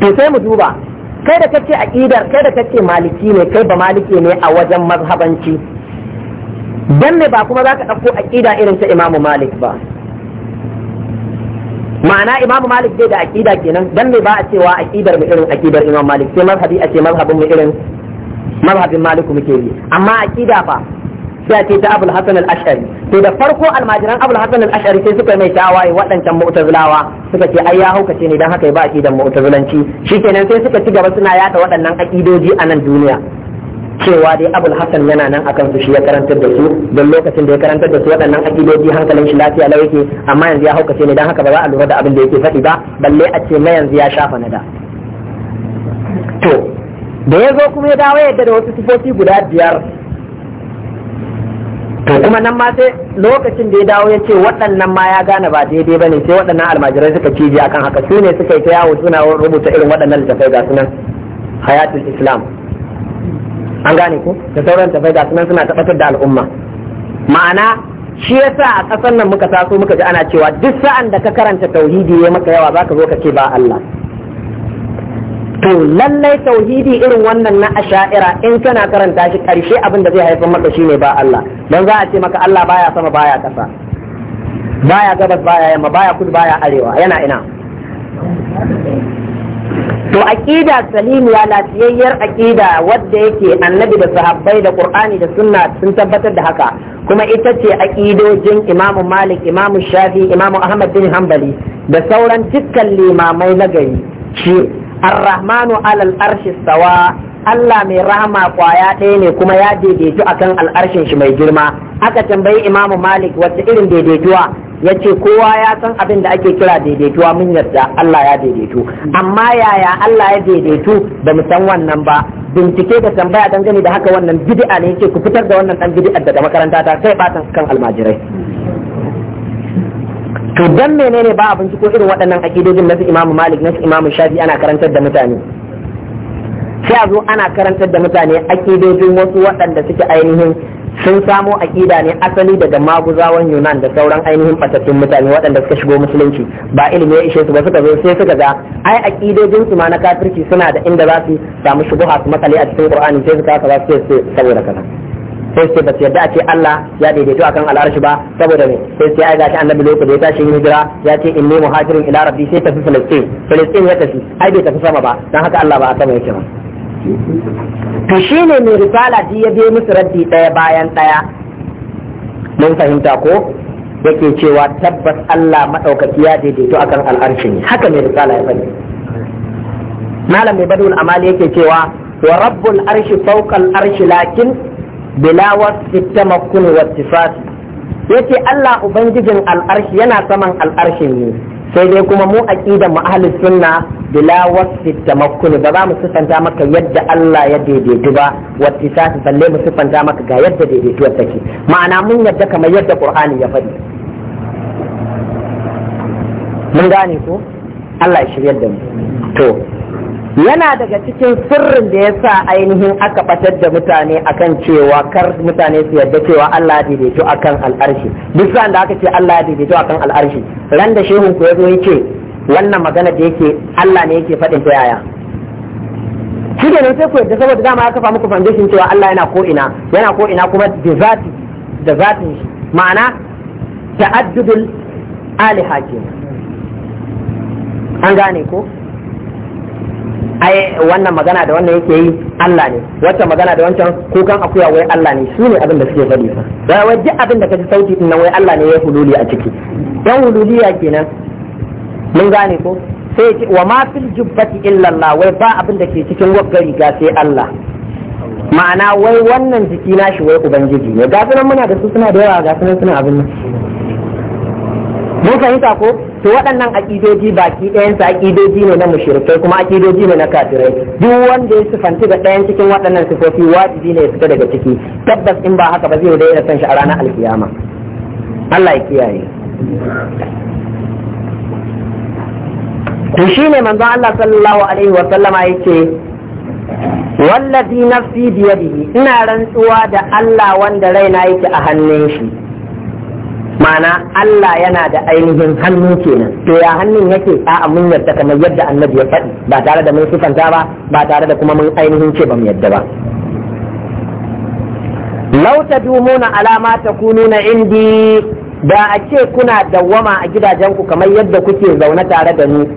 to sai mu duba kai da kace aqidar kai da kace maliki ne kai ba maliki ne a wajen mazhabanci dan ne ba kuma zaka dauko aqida irin ta Imam Malik ba ma'ana Imam Malik dai da aqida kenan dan ne ba a cewa aqidar mu irin aqidar Imam Malik sai mazhabi a ce mazhabin mu irin mazhabin Malik muke yi amma aqida fa sai ce ta abul hasan al-ashari to da farko almajiran abul hasan al-ashari sai suka mai tawaye waɗancan mu'tazilawa suka ce ai ya haukace ne dan haka ba shi mu'tazilanci shikenan sai suka ci gaba suna yada waɗannan aqidoji a nan duniya cewa dai abul hasan yana nan akan su shi ya karantar da su don lokacin da ya karantar da su waɗannan akidoji hankalin shi lafiya lau yake amma yanzu ya haukace ne don haka ba za a lura da abin da yake faɗi ba balle a ce na yanzu ya shafa na da to da ya zo kuma ya dawo yadda da wasu sifofi guda biyar to kuma nan ma sai lokacin da ya dawo ya ce waɗannan ma ya gane ba daidai ba ne sai waɗannan almajirai suka cije akan haka su ne suka yi ta yawo suna rubuta irin waɗannan littafai ga sunan hayatul islam an gane ku da sauran tafai ga sunan suna tabbatar da al'umma ma'ana shi yasa a ƙasar nan muka taso muka ji ana cewa duk sa'an da ka karanta tauhidi ya maka yawa zaka zo ka ce ba Allah to lallai tauhidi irin wannan na asha'ira in kana karanta shi karshe abin da zai haifar maka shine ba Allah dan za a ce maka Allah baya sama baya kasa baya gabas baya yamma baya kudu baya arewa yana ina to aqida salimiya lafiyayyar aqida wadda yake annabi da sahabbai da qur'ani da sunna sun tabbatar da haka kuma ita ce aqidojin imamu malik imamu shafi imamu ahmad bin hanbali da sauran dukkan limamai na gari shi Ar-Rahmanu alal arshi sawa Allah mai rahama kwaya ɗaya ne kuma ya daidaitu akan al'arshin shi mai girma aka tambayi imamu Malik wacce irin daidaituwa Ya ce kowa ya san abin da ake kira daidaituwa mun yarda Allah ya daidaitu amma yaya Allah ya daidaitu ba mu san wannan ba bincike da tambaya dangane da haka wannan bid'a ne ce ku fitar da wannan ɗan bid'a daga makaranta ta sai batan kan almajirai to dan menene ba a ko irin waɗannan akidojin na su imamu malik na su imamu shafi ana karantar da mutane sai a zo ana karantar da mutane akidojin wasu waɗanda suke ainihin sun samo aƙida ne asali daga maguzawan yunan da sauran ainihin fatattun mutane waɗanda suka shigo musulunci ba ilimi ya ishe su ba suka zo sai suka ga ai aƙidojin su ma na kafirci suna da inda za su samu shubuha su makale a cikin qur'ani sai suka haka za su ce saboda kaza sai ce ba su yarda a ce Allah ya daidaito akan al'arshi ba saboda me sai sai ai gashi annabi lokacin da ya tashi hijira ya ce inni muhajirin ila rabbi sai tafi filistin filistin ya tafi ai bai tafi sama ba dan haka Allah ba a sama yake ba to shine mai risala ji ya biye musu raddi daya bayan daya mun fahimta ko yake cewa tabbas Allah madaukaki ya daidaito akan al'arshi ne haka mai risala ya faɗi malam mai badul amali yake cewa wa rabbul arshi fawqa al arshi lakin bila wasu tamakkun wasu fasi yace Allah ubangijin al'arshi yana saman al'arshin ne sai dai kuma mu aqidan mu ahli sunna bila wasu ba za mu sifanta maka yadda Allah ya daidaitu ba wasu fasi balle mu sifanta maka ga yadda daidaituwar take ma'ana mun yadda kamar yadda Qur'ani ya faɗi mun gane ko Allah ya shiryar da mu to yana daga cikin sirrin da ya sa ainihin aka batar da mutane akan cewa kar mutane su yadda cewa Allah daidaito akan al'arshi duk sa'an da aka ce Allah daidaito akan al'arshi ran da shehun ku yazo ce wannan magana da yake Allah ne yake faɗin ta yaya shi ne sai ku yadda saboda dama aka fa muku foundation cewa Allah yana ko ina yana ko ina kuma da zati da zatin shi ma'ana ta'addudul alihakin an gane ko ai wannan magana da wannan yake yi Allah ne wacce magana da wancan kukan akuya wai Allah ne su ne abin da suke faɗi fa da wai duk abin da kaji sauti din nan wai Allah ne ya hululi a ciki dan hululiya kenan mun gane ko sai wa ma fil jubbati illa Allah wai ba abin da ke cikin wagga ga sai Allah ma'ana wai wannan jiki nashi wai ubangiji ne ga sunan muna da su suna da yawa ga sunan suna abin nan mun fahimta ko to waɗannan akidoji baki ɗayansu aƙidoji ne na mushirikai kuma aƙidoji ne na kafirai duk wanda ya sifanti da ɗayan cikin waɗannan sifofi wajibi ne ya fita daga ciki tabbas in ba haka ba zai daina san shi a ranar alkiyama Allah ya kiyaye to shine manzon Allah sallallahu alaihi wa sallama yake wallazi nafsi biyadihi ina rantsuwa da Allah wanda raina yake a hannun shi ma'ana Allah yana da ainihin hannu kenan to ya hannun yake a mun yadda kamar yadda annabi ya faɗi ba tare da mun sifanta ba ba tare da kuma mun ainihin ce ba mu yadda ba law tadumuna ala ma takununa indi da a ce kuna dawwama a gidajenku kamar yadda kuke zaune tare da ni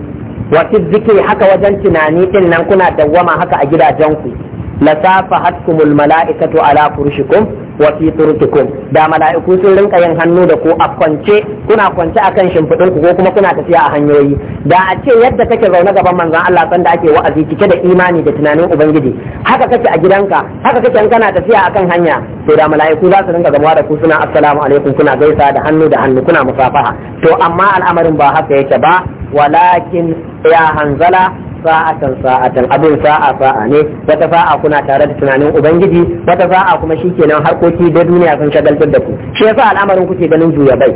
wa zikri haka wajen tunani din nan kuna dawwama haka a gidajenku lasafahatkumul mala'ikatu ala furushikum wa fi turukikum da mala'iku sun rinka yin hannu da ku a kwance kuna kwance akan ku ko kuma kuna tafiya a hanyoyi da a ce yadda kake zaune gaban manzon Allah sanda ake wa'azi cike da imani da tunanin ubangiji haka kake a gidanka haka kake kana tafiya akan hanya to da mala'iku za su rinka gamuwa da ku suna assalamu alaikum kuna gaisa da hannu da hannu kuna musafaha to amma al'amarin ba haka yake ba walakin ya hanzala sa'atan sa'atan abin sa'a sa'a ne wata sa'a kuna tare da tunanin ubangiji wata sa'a kuma shikenan harkoki da duniya sun shagaltar da ku shi yasa al'amarin kuke ganin juya bai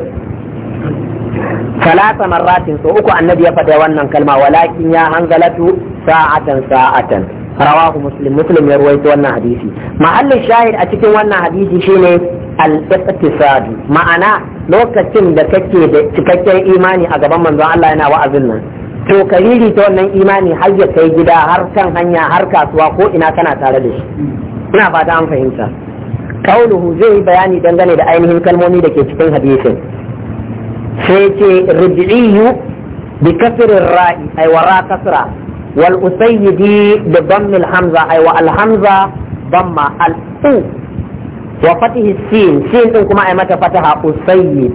salasa marratin so uku annabi ya faɗa wannan kalma walakin ya hanzalatu sa'atan sa'atan rawahu muslim muslim ya ruwaito wannan hadisi mahallin shahid a cikin wannan hadisi shine al-iqtisad ma'ana lokacin da kake da cikakken imani a gaban manzon Allah yana wa'azin nan to ka ta wannan imani har ya kai gida har kan hanya har kasuwa ko ina kana tare da shi ina fata an fahimta kauluhu zai yi bayani dangane da ainihin kalmomi da ke cikin hadisin sai ce rubi'iyu bi kasirin ra'i ay wa ra kasra wal usayyidi bi dammil hamza ay wa al hamza damma al u wa fatihi sin sin din kuma ay mata fataha usayyid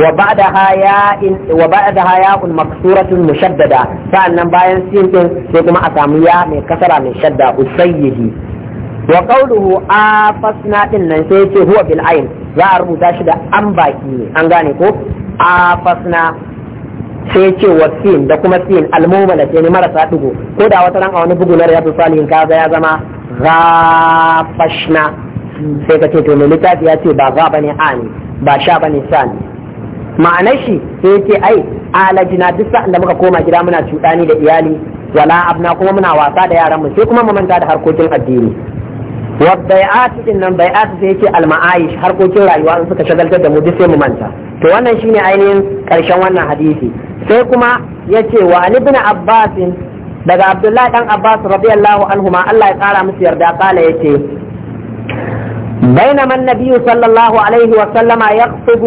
وبعدها ياء وبعدها ياء مكسورة مشددة فأنا باين سين دين سي كما أسامو ياء من كسرة من شدة أسيه وقوله آفسنا إن سيتي هو بالعين لا أربو تاشد أمباكي أنغاني كو sai ce wa sin da kuma sin almumala ce ne marasa dugu ko da wata ran a wani bugu na riyadu salihin kaga ya zama ghafashna sai ka ce to mai littafi ya ce ba gha bane ani ba sha bane sani ma'anar shi sai yake ai alajina duk sa'an da muka koma gida muna cuɗani da iyali wala abna kuma muna wasa da yaran mu sai kuma mu manta da harkokin addini wa bai'at din nan bai'at sai yace al harkokin rayuwa sun suka shagaltar da mu duk sai mu manta to wannan shine ainihin karshen wannan hadisi sai kuma yace wa ali ibn abbas daga abdullahi dan abbas radiyallahu ma. Allah ya kara musu yarda kala yace بينما النبي صلى الله عليه وسلم يخطب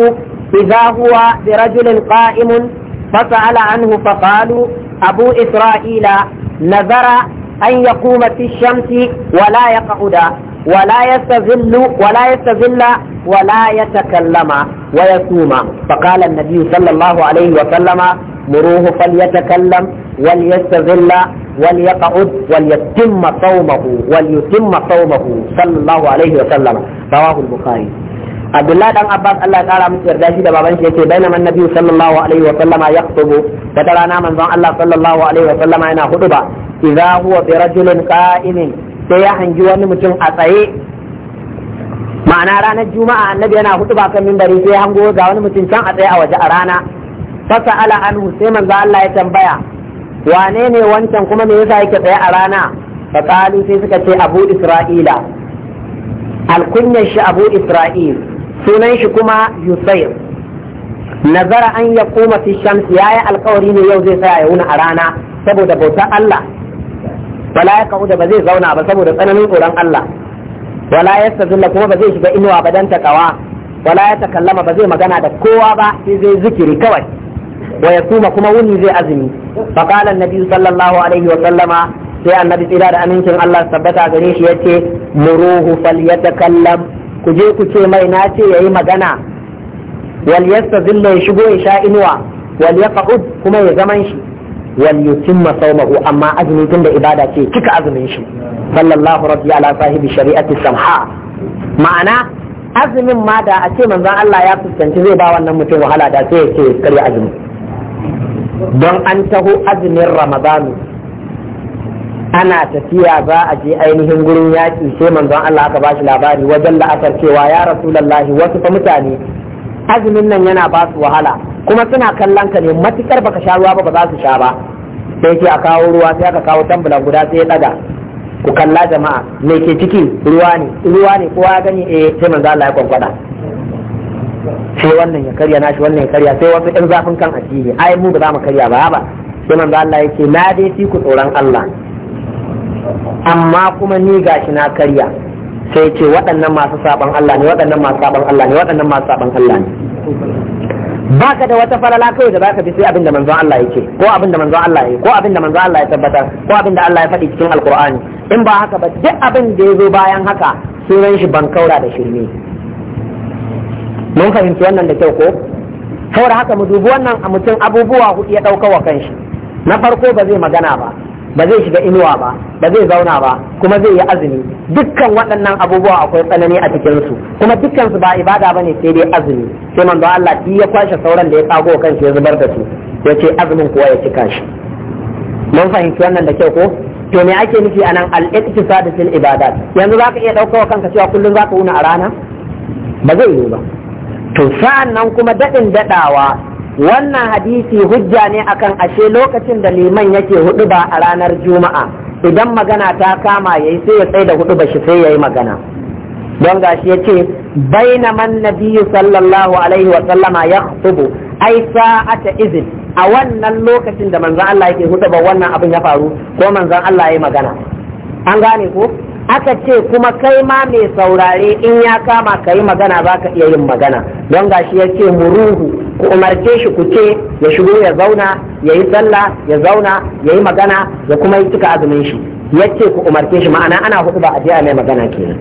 إذا هو برجل قائم فسأل عنه فقالوا أبو إسرائيل نذر أن يقوم في الشمس ولا يقعد ولا يستظل ولا يستظل ولا يتكلم ويصوم فقال النبي صلى الله عليه وسلم مروه فليتكلم وليستظل وليقعد وليتم صومه وليتم صومه صلى الله عليه وسلم رواه البخاري abdullahi dan abbas allah kara musu yarda shi da baban shi yace bainama annabi sallallahu alaihi wa sallama da wata rana manzon allah sallallahu alaihi wa sallama yana huduba idza huwa bi rajulin qa'imin sai ya hangi wani mutum a tsaye ma'ana ranar juma'a annabi yana huduba kan minbari sai ya hango ga wani mutum can a tsaye a waje a rana fasa ala anhu sai manzo allah ya tambaya wane ne wancan kuma me yasa yake tsaye a rana fa sai suka ce abu isra'ila alkunyar shi abu isra'il sunan shi kuma yusayr nazara an ya koma fi shams yayi alkawari ne yau zai saya ya wuna a rana saboda bautar Allah wala ya da ba zai zauna ba saboda tsananin tsoron Allah wala ya sazilla kuma ba zai shiga inuwa ba dan takawa wala ya takallama ba zai magana da kowa ba sai zai zikiri kawai wa ya kuma kuma wuni zai azumi fa qala annabi sallallahu alaihi wa sallama sai annabi tsira da amincin Allah tabbata gare shi yace muruhu falyatakallam ku je ku ce mai na ce yayi magana wal zilla ya shigo ya sha inuwa wal yaqud kuma ya zaman shi wal yutimma sawmahu amma azumi da ibada ce kika azumin shi sallallahu rabbi ala sahibi shari'ati samha ma'ana azumin ma da a ce manzon Allah ya fuskanci zai ba wannan mutum wahala da sai ya ce karya azumi don an taho azumin ramadanu ana tafiya ba a je ainihin gurin yaƙi sai manzon Allah aka bashi labari wajen la'asar cewa ya rasulallahi wasu fa mutane azumin nan yana ba su wahala kuma suna kallon ka ne matukar baka sha ruwa ba ba za su sha ba sai ke a kawo ruwa sai aka kawo tambulan guda sai ya daga ku kalla jama'a me ke ciki ruwa ne ruwa ne kowa ya gani eh sai manzo Allah ya kwankwada sai wannan ya karya nashi wannan ya karya sai wasu ɗan zafin kan addini ai mu ba za mu karya ba ba sai manzo Allah yake na dai fi ku tsoron Allah amma kuma ni gashi na karya sai ce waɗannan masu saban Allah ne waɗannan masu saban Allah ne waɗannan masu saban Allah ne baka da wata falala kawai da baka bi sai abinda manzon Allah yake ko abinda manzon Allah yake ko abinda manzon Allah ya tabbatar ko abinda Allah ya faɗi cikin Alƙur'ani. in ba haka ba duk abin da ya zo bayan haka sunan shi ban kaura da shirme mun fahimci wannan da kyau ko saboda haka mu dubi wannan a mutum abubuwa hudu ya ɗauka wa kanshi na farko ba zai magana ba ba zai shiga inuwa ba ba zai zauna ba kuma zai yi azumi dukkan waɗannan abubuwa akwai tsanani a cikin su kuma dukkansu ba ibada ne sai dai azumi sai manzo Allah shi ya kwashe sauran da ya tsago kan shi ya zubar da su ya ce azumin kuwa ya cika shi mun fahimci wannan da kyau ko to me ake nufi anan al-iqtisad fil ibadat yanzu zaka iya daukawa kanka cewa kullun zaka wuna a rana ba zai yi ba to sa'an nan kuma daɗin daɗawa wannan hadisi hujja ne akan ashe lokacin da liman yake hudu ba a ranar juma'a idan magana ta kama yayi sai ya tsaye da hudu ba shi sai yayi magana don gashi ya ce baina man nabiyyu sallallahu alaihi wa sallama ya khutubu ai sa'ata izin a wannan lokacin da manzon Allah yake hudu ba wannan abin ya faru ko manzon Allah yayi magana an gane ko aka ce kuma kai ma mai saurare in ya kama ka yi magana za ka iya yin magana don gashi ya ce muruhu ku umarce shi ku ce ya shigo ya zauna ya yi sallah ya zauna ya yi magana ya kuma yi cika azumin shi ya ce ku umarce shi ma'ana ana hudu ba a je mai magana kenan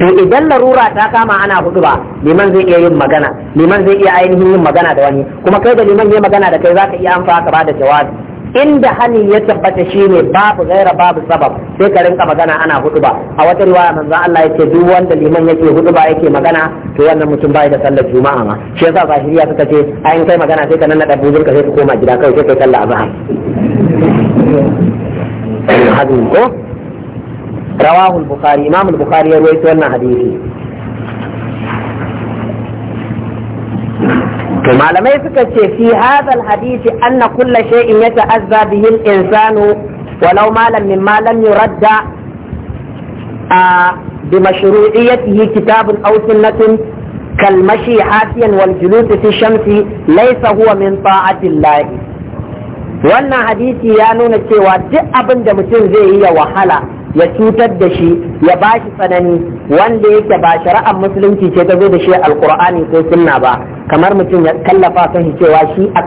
to idan larura ta kama ana hudu ba liman zai iya yin magana liman zai iya ainihin yin magana da wani kuma kai da liman ya magana da kai za ka iya amfa ka ba da jawabi inda hani ya tabbata shine babu gaira babu sabab sai ka rinka magana ana huduba a wata riwaya manzo Allah yake duk wanda liman yake huduba yake magana to wannan mutum bai da sallar juma'a ma shi yasa zahiriya suka ce ayin kai magana sai ka nan da sai ka koma gida kai sai kai sallar azhar hadin ko rawahu al-bukhari imam al-bukhari ya rawaito wannan hadisi malamai suka ce fi hadal hadisi anna kulla shay'in yata'azza bihi al-insanu wala malamin min malam yuradda a bi yi kitabun aw Kalmashi, Hafiyan, mashi fi shamsi laysa huwa min ta'atillahi wannan hadisi ya nuna cewa duk abin da mutum zai yi ya wahala ya cutar da shi ya ba shi tsanani wanda yake ba shari'ar musulunci ce ta zo da shi alkur'ani ko sunna ba kamar mutum ya kallafa kan cewa shi a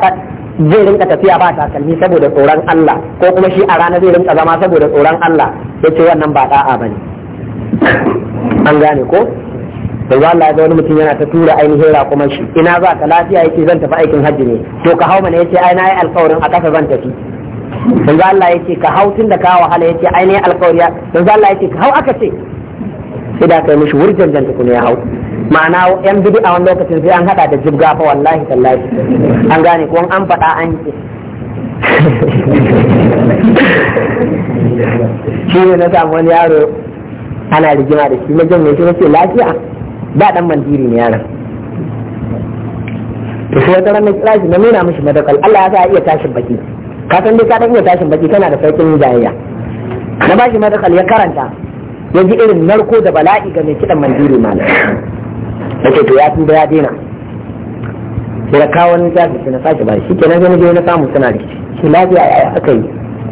zai rinka tafiya ba takalmi saboda tsoron Allah ko kuma shi a rana zai rinka zama saboda tsoron Allah ya ce wannan ba da'a ba ne an gane ko manzo Allah ga wani mutum yana ta tura ainihin raƙuman shi ina za ka lafiya yake zan tafi aikin hajji ne to ka hau mana yace ai na yi alƙawarin a ƙasa zan tafi manzo Allah yace ka hau tun da ka wahala yace ai na alƙawariya. alƙawari manzo Allah yace ka hau aka ce idan da kai mishi wurjan jan tukuna ya hau ma'ana yan bidi a wani lokacin sai an hada da jibga fa wallahi tallahi an gane ko an faɗa an yi [laughs] shi ne na samu wani yaro ana rigima da shi na jan mai shi na ce lafiya ba dan mandiri ne yaran to sai da ranar kira shi na nuna mishi madakal Allah ya sa iya tashin baki ka san dai ka dan iya tashin baki kana da saukin jayayya na ba shi madakal ya karanta ya ji irin narko da bala'i ga mai kidan mandiri malam ce to ya tuba ya daina sai na kawo wani jafi sai na sashi ba shi kenan sai na je na samu suna da shi lafiya ya aka yi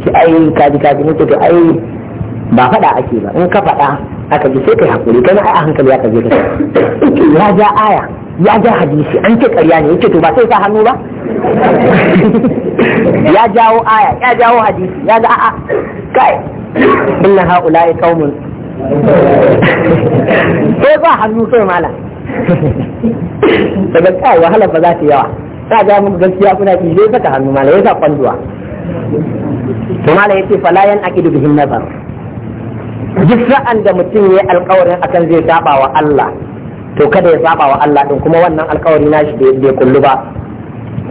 shi ai kaji kaji ne to ai ba faɗa ake ba in ka faɗa aka ji sai kai hakuri kai a hankali ya je kai ya ja aya ya ja hadisi an ce ƙarya ne yace to ba sai sa hannu ba [laughs] ya jawo aya ya jawo hadisi ya ga a'a kai inna haula'i qaumun [laughs] sai ba hannu sai mala daga kai wahala ba za ta yawa ta ga mun gaskiya kuna ki je, saka hannu mala ya sa kwanduwa to mala yace fala yan aqidu bihin nazar duk sa'an da mutum ya yi alkawarin akan zai saba wa Allah to kada ya saba wa Allah din kuma wannan alkawari shi bai kullu ba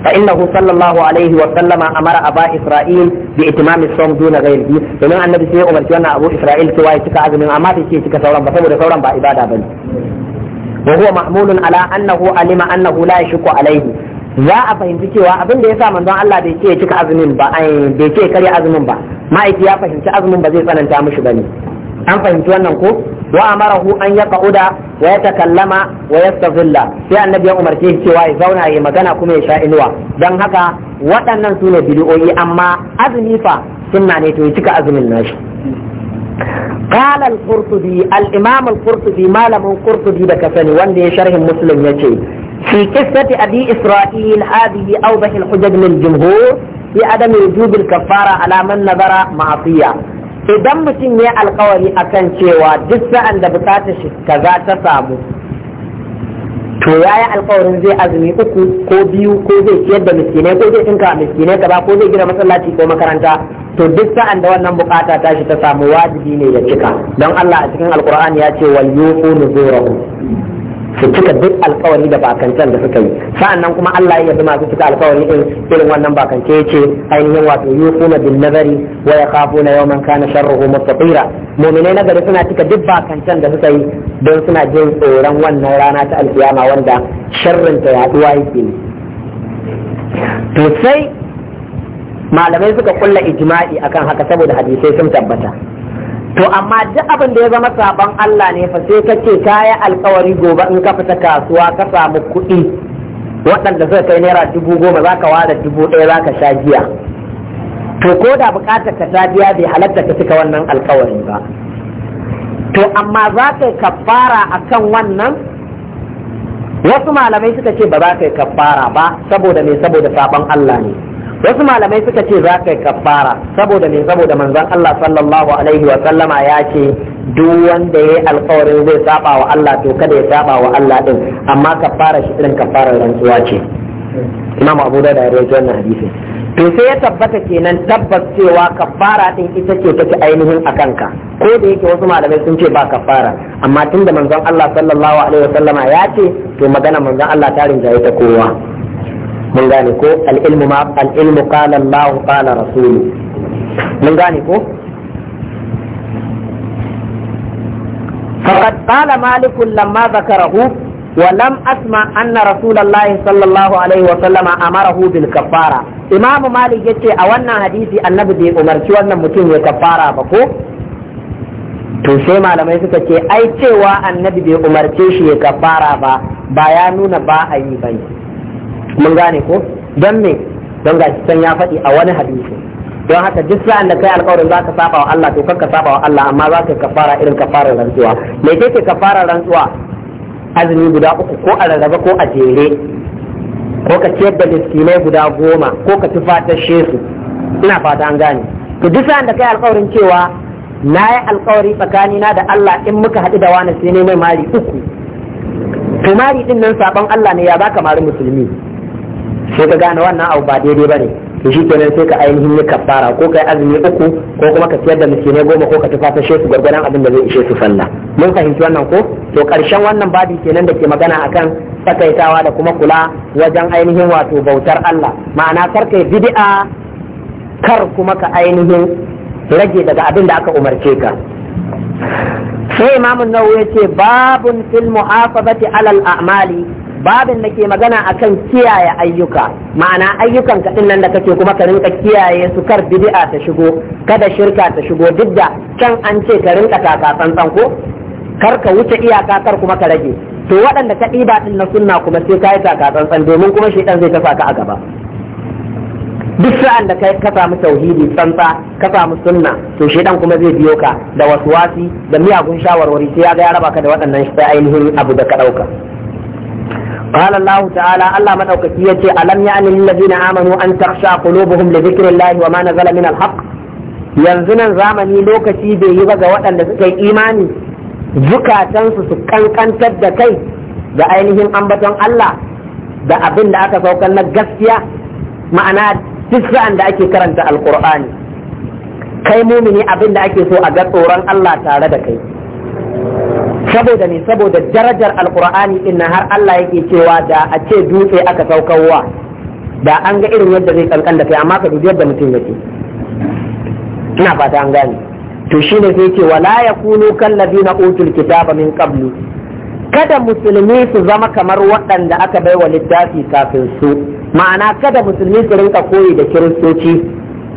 fa innahu sallallahu alaihi wa sallama amara aba isra'il bi itimam as-sawm duna ghayrihi domin annabi sai ya umarci wannan abu isra'il cewa ya cika azumin amma bai ya cika sauran ba saboda sauran ba ibada bane wa huwa ma'mulun ala annahu alima annahu la yashku alaihi za a fahimci cewa abin da ya sa manzon Allah bai ce cika azumin ba bai ce kare azumin ba ma'aiki ya fahimci azumin ba zai tsananta mishi bane an fahimci wannan ko wa amarahu an ya ka'uda wa ya takallama wa sai annabi ya umarce shi cewa ya zauna ya magana kuma ya sha inuwa don haka waɗannan su ne amma azumi fa sunna ne to ya cika azumin nashi قال القرطبي الإمام القرطبي ما لم القرطبي بكسني وندي شرح مسلم يجي في قصة أبي إسرائيل هذه أوضح الحجج للجمهور بعدم وجوب الكفارة على من نذر معصية idan mutum ya alkawari akan cewa duk sa'an da bukata shi kaza ta samu to ya yi alkawarin zai azumi uku ko biyu ko zai ciyar da miskinai ko zai tinka miskinai kaza ko zai gina masallaci ko makaranta to duk sa'an da wannan bukata ta shi ta samu wajibi ne ya cika don Allah a cikin alkur'ani ya ce wal yufu nuzurahu su cika duk alkawari da bakancen da suka yi sa'annan kuma Allah ya yabi masu cika alkawari din irin wannan bakance ce. ainihin wato yufuna bin nazari wa yakhafuna yawman kana sharruhu mustatira mu'minai na gari suna cika duk bakancen da suka yi don suna jin tsoron wannan rana ta alkiyama wanda sharrin ta yaduwa yake ne to sai malamai suka kulla ijma'i akan haka saboda hadisai sun tabbata to amma duk abin da ya zama sabon Allah ne fa sai kace ka alkawari gobe in ka fita kasuwa ka samu kuɗi waɗanda suka kai naira dubu goma za ka ware dubu ɗaya za ka sha giya to ko da buƙatar ka ta biya bai halatta ka cika wannan alkawari ba to amma za ka yi kafara akan wannan wasu malamai suka ce ba za ka yi kafara ba saboda me saboda sabon Allah ne wasu malamai suka ce za ka yi kafara saboda ne saboda manzon Allah sallallahu alaihi wa sallama ya ce duk wanda ya yi alkawarin zai saba wa Allah to kada ya saba wa Allah ɗin amma kafara shi irin kafarar rantsuwa ce Imam Abu Dawud ya rawaito wannan hadisi to sai ya tabbata kenan tabbas cewa kafara ɗin ita ce take ainihin a ka ko da yake wasu malamai sun ce ba kafara amma tunda manzon Allah sallallahu alaihi wa sallama ya ce to magana manzon Allah ta rinjaye ta kowa mun gane ko al-ilmu ma al-ilmu qala Allah qala rasulu mun فقد قال مالك لما ذكره ولم أسمع أن رسول الله صلى الله عليه وسلم أمره بالكفارة إمام مالك يتي أولنا حديثي أن نبدي أمر شوانا متين كفارة بكو to sai malamai suka ce ai cewa annabi bai umarce shi ya kafara ba ba ya nuna ba a yi mun gane ko don me don ga can ya faɗi a wani hadisi don haka duk sa'an da kai alƙawarin za ka saba wa Allah to kar ka saba wa Allah amma za ka kafara irin kafara rantsuwa me kake kafara rantsuwa azumi guda uku ko a rarraba ko a jere ko ka ciyar da miskinai guda goma ko ka ci fatashe su ina fata an gane to duk sa'an da kai alƙawarin cewa na yi alƙawari tsakanina da Allah in muka haɗu da wani sai ne mai mari uku to mari nan saɓon Allah ne ya baka mari musulmi sai ka gane wannan abu ba daidai ba ne, to shi kenan sai ka ainihin yi kafara ko kai azumi uku ko kuma ka siyar da miskinai goma ko ka tafafashe su gwargwadon abin da zai ishe su sallah mun fahimci wannan ko to karshen wannan babi kenan da ke magana akan sakaitawa da kuma kula wajen ainihin wato bautar Allah ma'ana kar bid'a kar kuma ka ainihin rage daga abin da aka umarce ka sai imamun nawawi ya ce babun fil muhafazati alal a'mali babin da ke magana a kan kiyaye ayyuka ma'ana ayyukan kaɗin nan da kake kuma ka rinka kiyaye su kar bid'a ta shigo kada shirka ta shigo duk da can an ce ka rinka taka tsantsan ko kar ka wuce iyaka kar kuma ka rage to waɗanda ka ɗiba ɗin na sunna kuma sai ka yi taka tsantsan domin kuma shi ɗan zai tafa ka a gaba duk sa'an da ka samu tauhidi tsantsa ka samu sunna to ɗan kuma zai biyo ka da wasu wasi da miyagun shawarwari sai ya ga ya raba ka da waɗannan ainihin abu da ka ɗauka. قال الله تعالى الله من أوكتية ألم يعني للذين آمنوا أن تخشى قلوبهم لذكر الله وما نزل من الحق ينزل زامني لوكتي بيبقى وأن لسكي إيماني zukatansu su kankantar da kai da ainihin ambaton Allah da abin da aka saukar na ma'ana duk da ake karanta alkur'ani kai mumini abin da ake so a ga tsoron Allah tare da kai saboda ne saboda darajar alkur'ani din nan har Allah yake cewa da a ce dutse aka saukarwa da an ga irin yadda zai kankan da kai amma ka dubi yadda mutum yake ina fata an gane to shine zai ce wala yakunu kallazina utul kitaba min qablu kada musulmi su zama kamar waɗanda aka bai wa littafi kafin su ma'ana kada musulmi su rinka koyi da kiristoci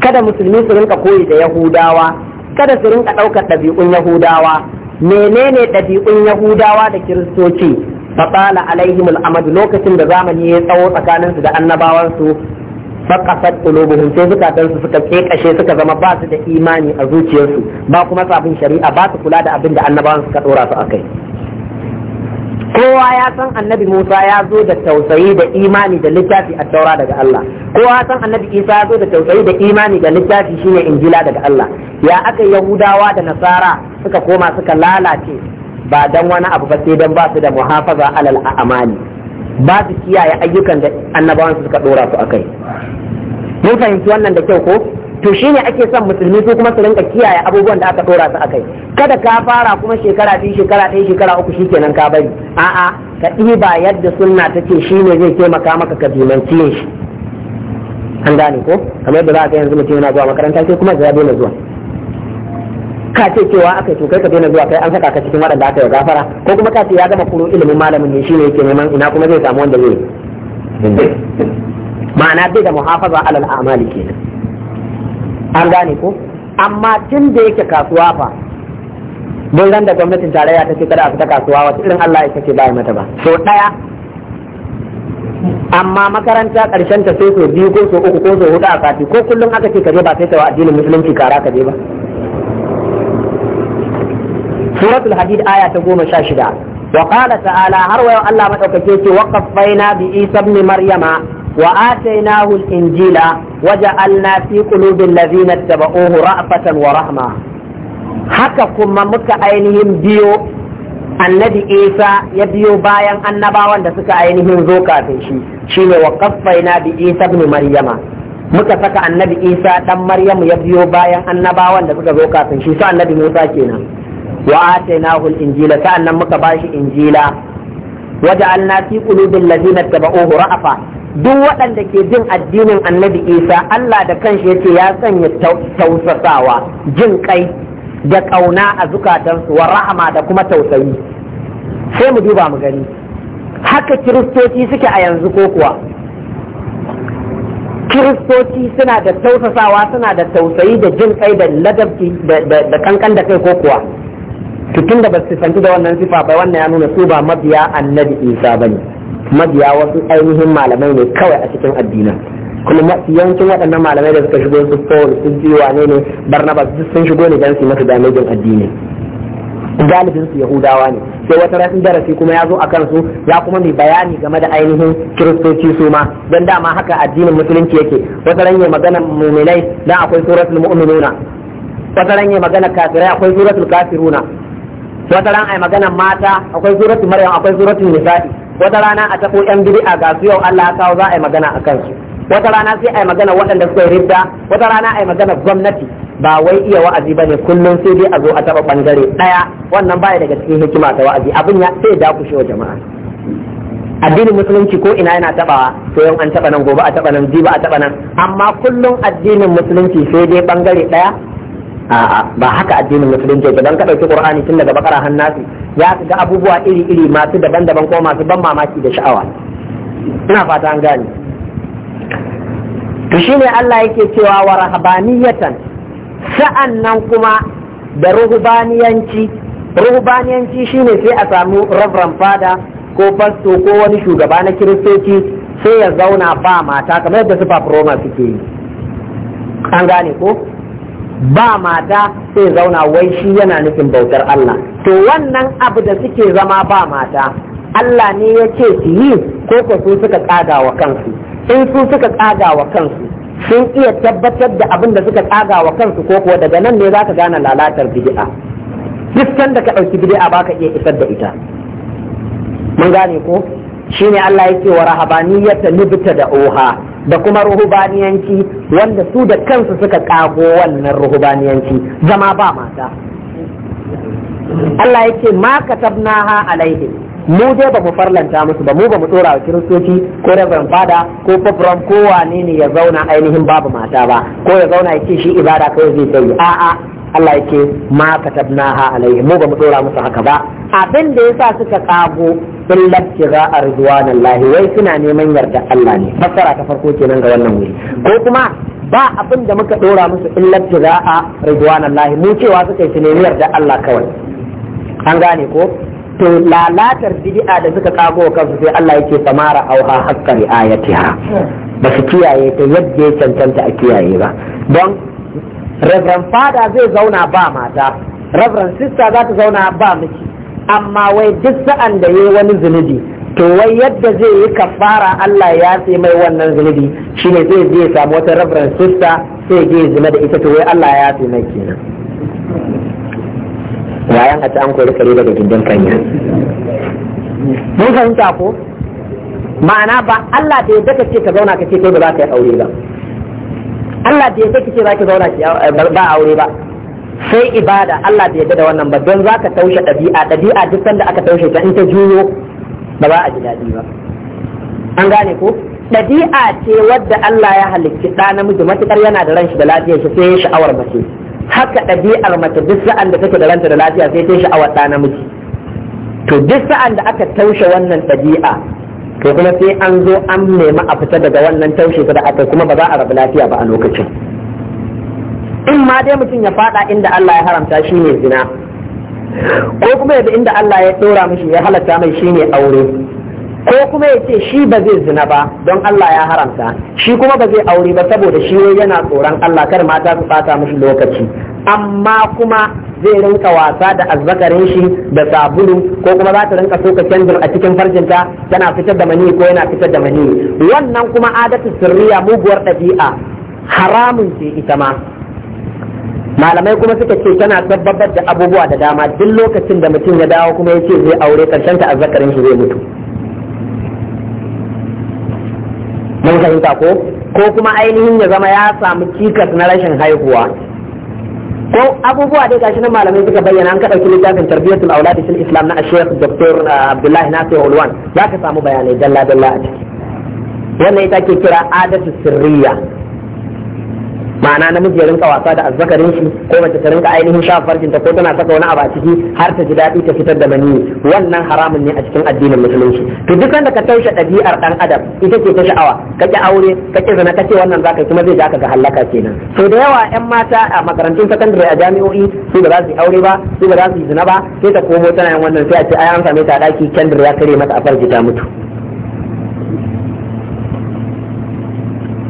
kada musulmi su rinka koyi da yahudawa kada su rinka ɗaukar ɗabi'un yahudawa menene ɗabi'un yahudawa da kiristoci fatsala alaihim Amadu lokacin da zamani ya tsawo tsakaninsu da annabawansu faƙasar ƙulubuhun sai su suka ƙeƙashe suka zama ba su da imani a zuciyarsu ba kuma sabin shari'a ba su kula da abin da annabawan suka ɗora su a kai kowa ya san annabi Musa ya zo da tausayi da imani da littafi a taura daga Allah kowa ya san annabi Isa ya zo da tausayi da imani da littafi shine injila daga Allah ya aka yahudawa da nasara suka koma suka lalace ba dan wani abu ba sai dan ba su da muhafaza alal amali ba su kiyaye ayyukan da annabawan suka dora su akai mun fahimci wannan da kyau ko to shi ne ake son musulmi su kuma su rinka kiyaye abubuwan da aka dora su akai kada ka fara kuma shekara biyu shekara ɗaya shekara uku shi kenan ka bari a'a ka ɗiba yadda sunna take ne zai taimaka maka ka dimanci shi an gane ko kamar yadda za ka yanzu mutum yana zuwa makaranta sai kuma zai daina zuwa ka ce cewa aka to kai ka daina zuwa kai an saka ka cikin waɗanda aka yi gafara ko kuma ka ce ya gama kuro ilimin malamin ne shi ne yake neman ina kuma zai samu wanda zai ma'ana bai da muhafaza alal a'mali kenan an gane ko amma tun da yake kasuwa fa don ran da gwamnatin tarayya ta ce kada a fita kasuwa wata irin Allah ya kace ba mata ba so daya amma makaranta karshen ta sai so biyu ko so uku ko so hudu a sati ko kullum aka ce kaje ba sai ta wa addinin musulunci kara kaje ba suratul hadid aya ta goma sha shida wa qala ta'ala har wayo Allah madaukake ce waqafaina bi isa وآتيناه الإنجيل وجعلنا في قلوب الذين اتبعوه رأفة ورحمة haka kuma muka ainihin biyo annabi isa ya biyo bayan annabawan da suka ainihin zo kafin shi shine wa kaffaina bi isa ibn maryama muka saka annabi isa dan maryamu ya biyo bayan annabawan da suka zo kafin shi sai annabi musa kenan wa atainahu injila sa'annan muka bashi injila waja'alna fi qulubil ladina tabauhu ra'afa duk waɗanda ke jin addinin annabi isa allah da kanshi yace ya sanya tausasawa jin kai da ƙauna a zukatansu wa rahama da kuma tausayi sai mu duba mu gani haka kiristoci suke a yanzu ko kuwa kiristoci suna da tausasawa suna da tausayi da jin kai da ladabci da kankan da kai ko kuwa tutun da ba su da wannan sifa bai wannan ya nuna su ba mabiya annabi isa ba ne mabiya wasu ainihin malamai ne kawai a cikin addinin kuma mafi yankin waɗannan malamai da suka shigo su paul su jiwa ne ne barnabas duk sun shigo ne don su masu damejin addini galibin su yahudawa ne sai wata rasin darasi kuma ya zo a kansu ya kuma mai bayani game da ainihin kiristoci su ma don dama haka addinin musulunci yake wata ranye magana muminai don akwai suratul mu'minuna wata ranye magana kafirai akwai suratul kafiruna wata ran ai magana mata akwai suratul maryam akwai suratul nisa'i wata rana a taɓo yan bid'a a gasu yau Allah ya kawo za a yi magana a kansu wata rana sai a yi magana waɗanda suka yi ridda wata rana a yi magana gwamnati ba wai iya wa'azi ba ne kullum sai dai a zo a taɓa ɓangare ɗaya wannan baya daga cikin hikima ta wa'azi abin ya sai da kushe jama'a addinin musulunci ko ina yana tabawa to yau an taɓa nan gobe a taɓa nan jiba a taɓa nan amma kullum addinin musulunci sai dai ɓangare ɗaya. a'a ba haka addinin musulunci yake dan ka dauki qur'ani tun daga bakara har nasi ya ga abubuwa iri iri masu daban-daban ko masu ban mamaki da sha'awa ina fata an gane to shine Allah yake cewa wa rahabaniyatan nan kuma da ruhubaniyanci ruhubaniyanci shine sai a samu reverend fada ko pastor ko wani shugaba na kiristoci sai ya zauna ba mata kamar yadda su suke yi an gane ko ba mata sai zauna wai shi yana nufin bautar Allah to wannan abu da suke zama ba mata Allah ne ya ce su yi ko ko su suka tsaga wa kansu in su suka tsaga wa kansu sun iya tabbatar da abin da suka tsaga wa kansu ko kuwa daga nan ne za ka gane lalatar bid'a duk da ka ɗauki bid'a ba ka iya isar da ita mun gane ko shine Allah yake wa ta libita da oha da kuma ruhubaniyanci wanda su da kansu suka kago wannan ruhubaniyanci zama ba mata Allah yake ma katabnaha alaihe mu dai ba mu farlanta musu ba mu ba mu tsora wa kiristoci ko reverend fada ko fafuran ko wane ne ya zauna ainihin babu mata ba ko ya zauna ya ce shi ibada kawai zai tsayi a'a Allah yake ma ha alaihi mu ba mu tsora musu haka ba abin da yasa suka kago illa tira arzuwanallahi wai suna neman yarda Allah ne fassara ta farko kenan ga wannan wuri ko kuma ba abin da muka dora musu illa tira arzuwanallahi mu cewa suka yi neman yarda Allah kawai an gane ko to lalatar bid'a da suka kago kansu sai Allah yake samara auha hakka ayatiha ba su kiyaye ta yadda ya cancanta a kiyaye ba don reverend fada zai zauna ba mata reverend sister za ta zauna ba miki amma wai duk sa'an da yi wani zunubi to wai yadda zai yi kafara Allah ya sai mai wannan zunubi shi ne zai zai samu wata reverend sister sai zai zina da ita to wai Allah ya sai mai kenan bayan a ta an kori kare daga gindin kanya mun fahimta ko ma'ana ba Allah da ya daka ce ka zauna ka ce kai ba za ka yi aure ba Allah bai yadda kice zaki zauna ki ba aure ba sai ibada Allah bai yadda da wannan ba don zaka taushe ɗabi'a ɗabi'a duk sanda aka taushe ta in ta juyo ba za a ji dadi ba an gane ko ɗabi'a ce wadda Allah ya halicci ɗa namiji matukar yana da ranshi da lafiyar shi sai sha'awar mace haka ɗabi'ar mace duk sa'an da take da ranta da lafiya sai ta sha'awar ɗa namiji to duk sa'an da aka taushe wannan ɗabi'a to kuma sai an zo an nemi a fita daga wannan taushe da aka kuma ba za a rabu lafiya ba a lokacin in ma dai mutum ya fada inda Allah ya haramta shi ne zina ko kuma yabi inda Allah ya dora mishi ya halatta mai shi ne aure ko kuma ya ce shi ba zai zina ba don Allah ya haramta shi kuma ba zai aure ba saboda shi yana tsoron Allah kar mata su fata mishi lokaci amma kuma zai rinka wasa da azzakarin shi da sabulu ko kuma za ta rinka soka kendir a cikin farjinta tana fitar da mani ko yana fitar da mani wannan kuma adatu sirriya muguwar ɗabi'a haramun ce ita ma malamai kuma suka ce tana tabbabar da abubuwa da dama duk lokacin da mutum ya dawo kuma ya ce zai aure karshen ta azzakarin shi zai mutu mun fahimta ko ko kuma ainihin ya zama ya samu cikas na rashin haihuwa ko abubuwa dai gashi na malamai suka bayyana an ka dauki littafin tarbiyatul auladi fil islam na Sheikh Dr. Uh, Abdullahi Nasir Ulwan zaka samu bayanai dalla dalla a ciki wannan ita ke kira adatu sirriya ma'ana namiji ya rinka wasa da azzakarin shi ko mace ta rinka ainihin sha farkin ta ko tana saka wani abu a ciki har ta ji daɗi ta fitar da maniyyi wannan haramun ne a cikin addinin musulunci to duk da ka taushe ɗabi'ar ɗan adam ita ce ta sha'awa ka ƙi aure ka ƙi zina ka ce wannan zaka kuma zai ja ka ga halaka kenan to da yawa ƴan mata a makarantun sakandare a jami'o'i su ba za su yi aure ba su ba za su yi zina ba sai ta komo tana yin wannan sai a ce ai an same ta a ɗaki kendir ya kare mata a farji ta mutu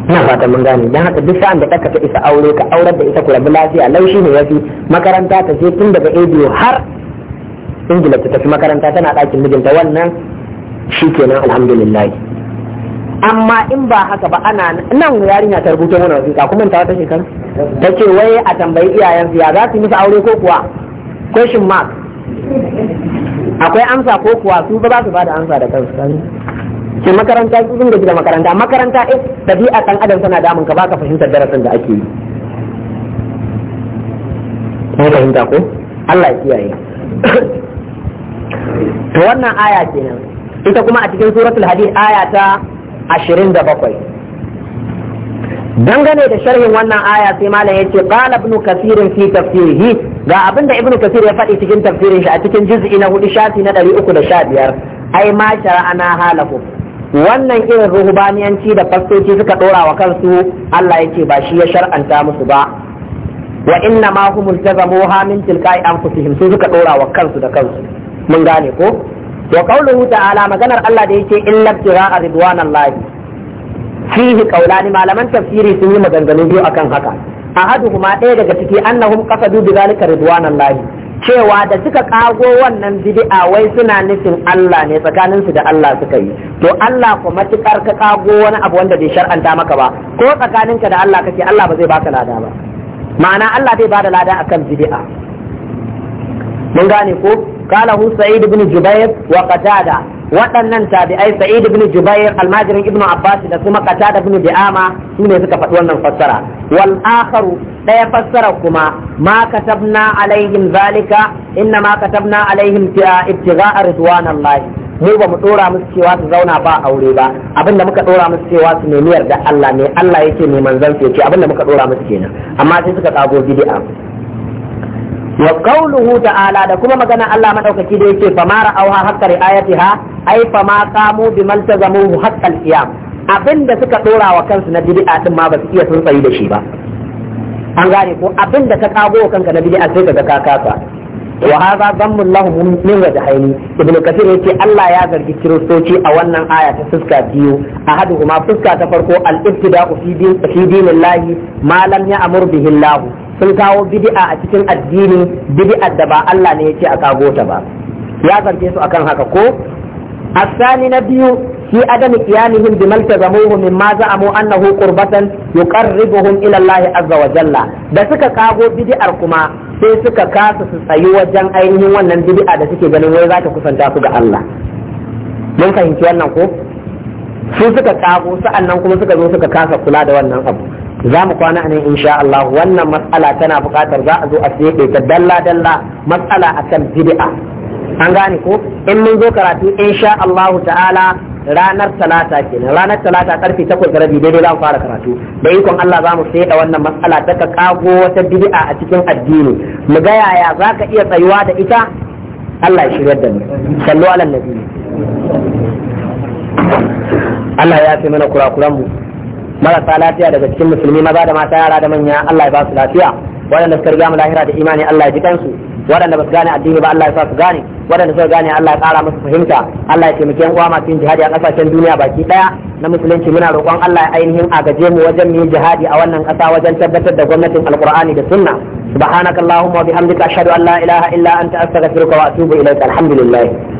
na fatan mun gane dan haka duk sa'an da kaka ta isa aure ka aurar da ita ku rabu lafiya laushi ne yafi makaranta ta je tun daga ABO har Ingila ta tafi makaranta tana ɗakin mijinta wannan shikenan alhamdulillah amma in ba haka ba ana nan yarinya ta rubuta mana wasiƙa kuma ta wata shekara ta ce wai a tambayi iyayen ya za su musu aure ko kuwa question mark akwai amsa ko kuwa su ba za su bada amsa da kansu ke makaranta su sun da makaranta makaranta eh tabi'a kan adam tana damun ka baka fahimtar darasin da ake yi Kun fahimta ko Allah ya kiyaye [coughs] to wannan aya kenan ita kuma a cikin suratul hadid aya ta 27 dangane da sharhin wannan aya sai malam yace qala ibn kathir fi tafsirihi ga abinda ibn kathir ya faɗi cikin tafsirin shi a cikin juz'i na 4 shafi na 315 ai ma shara'ana halafu wannan irin ruhubaniyanci da fastoci suka ɗora wa kansu Allah ya ce ba shi ya shar'anta musu ba wa inna ma hum iltazamuha min tilka'i anfusihim su suka ɗora wa kansu da kansu mun gane ko wa qawluhu ta'ala maganar Allah da yake illa tira'a ridwanallahi fihi qawlani malaman tafsiri sun yi maganganu biyu akan haka ahaduhuma ɗaya daga ciki annahum qasadu bi zalika ridwanallahi cewa da suka kago wannan bid'a wai suna nufin Allah ne tsakaninsu da Allah suka yi to Allah ko matukar ka kago wani abu wanda bai shar'anta maka ba ko tsakaninka da Allah kake Allah ba zai baka lada ba ma'ana Allah zai bada lada akan bid'a mun gane ko قاله سعيد بن جبير وقتادة waɗannan tabi'ai sa'id ibn jubair almajirin ibnu abbas da kuma qatada ibn bi'ama su ne suka faɗi wannan fassara Wal'akaru akharu daya fassara kuma ma katabna alaihim zalika inna ma katabna alaihim ibtigha'a ridwanallah mu ba mu dora musu cewa su zauna ba aure ba abinda muka dora musu cewa su nemi yarda Allah ne Allah yake ne manzon yake abinda muka dora musu kenan amma sai suka kago bid'a wa qawluhu ta'ala da kuma magana Allah madaukaki da yake fa mara auha hakka riayatiha ai fa ma qamu bi maltazamuhu haqqal qiyam abinda suka dora wa kansu na bid'a din ma ba su iya tsuntsayi da shi ba an gane ko abinda ka kago kanka na bid'a sai ka ga ka kasa wa hadha dhammu Allah min wajhaini ibnu kathir yace Allah ya zargi kiristoci a wannan aya ta fuska biyu a ahaduhuma fuska ta farko al-ibtida'u fi din fi dinillah ma sun kawo bidi'a a cikin addini bidi'ar da ba Allah ne ce a kago ta ba ya zarge su akan haka ko Asani na الثاني نبي في عدم قيامهم بما التزموه مما زعموا انه قربة يقربهم الى الله عز وجل da suka kawo bidi'ar kuma sai suka kasa su tsayi wajen ainihin wannan bid'a da suke ganin wai za ta kusanta su ga Allah mun fahimci wannan ko su suka kago nan kuma suka zo suka kasa kula da wannan abu za mu kwana a nan insha Allah wannan matsala tana buƙatar za a zo a sai ta dalla dalla matsala akan bid'a an gane ko in mun zo karatu insha Allah ta'ala ranar talata nan ranar talata karfe takwas da rabi daidai za mu fara karatu da ikon Allah za mu da wannan matsala ta ka kago wata bid'a a cikin addini mu ga yaya za ka iya tsayuwa da ita Allah ya shirya da mu sallu ala nabi Allah ya fi mana kurakuran mu marasa lafiya daga cikin musulmi maza da mata yara da manya Allah ya ba su lafiya waɗanda suka riga mu lahira da imani Allah ya ji kansu waɗanda ba su gane addini ba Allah ya sa su gane waɗanda suka gane Allah ya kara musu fahimta Allah ya taimake yan uwa masu yin jihadi a kasashen duniya baki ɗaya na musulunci muna roƙon Allah ya ainihin agaje mu wajen mu yi jihadi a wannan ƙasa wajen tabbatar da gwamnatin alƙur'ani da sunna subhanakallahumma wa bihamdika ashhadu an la ilaha illa anta astaghfiruka wa atubu ilaik alhamdulillah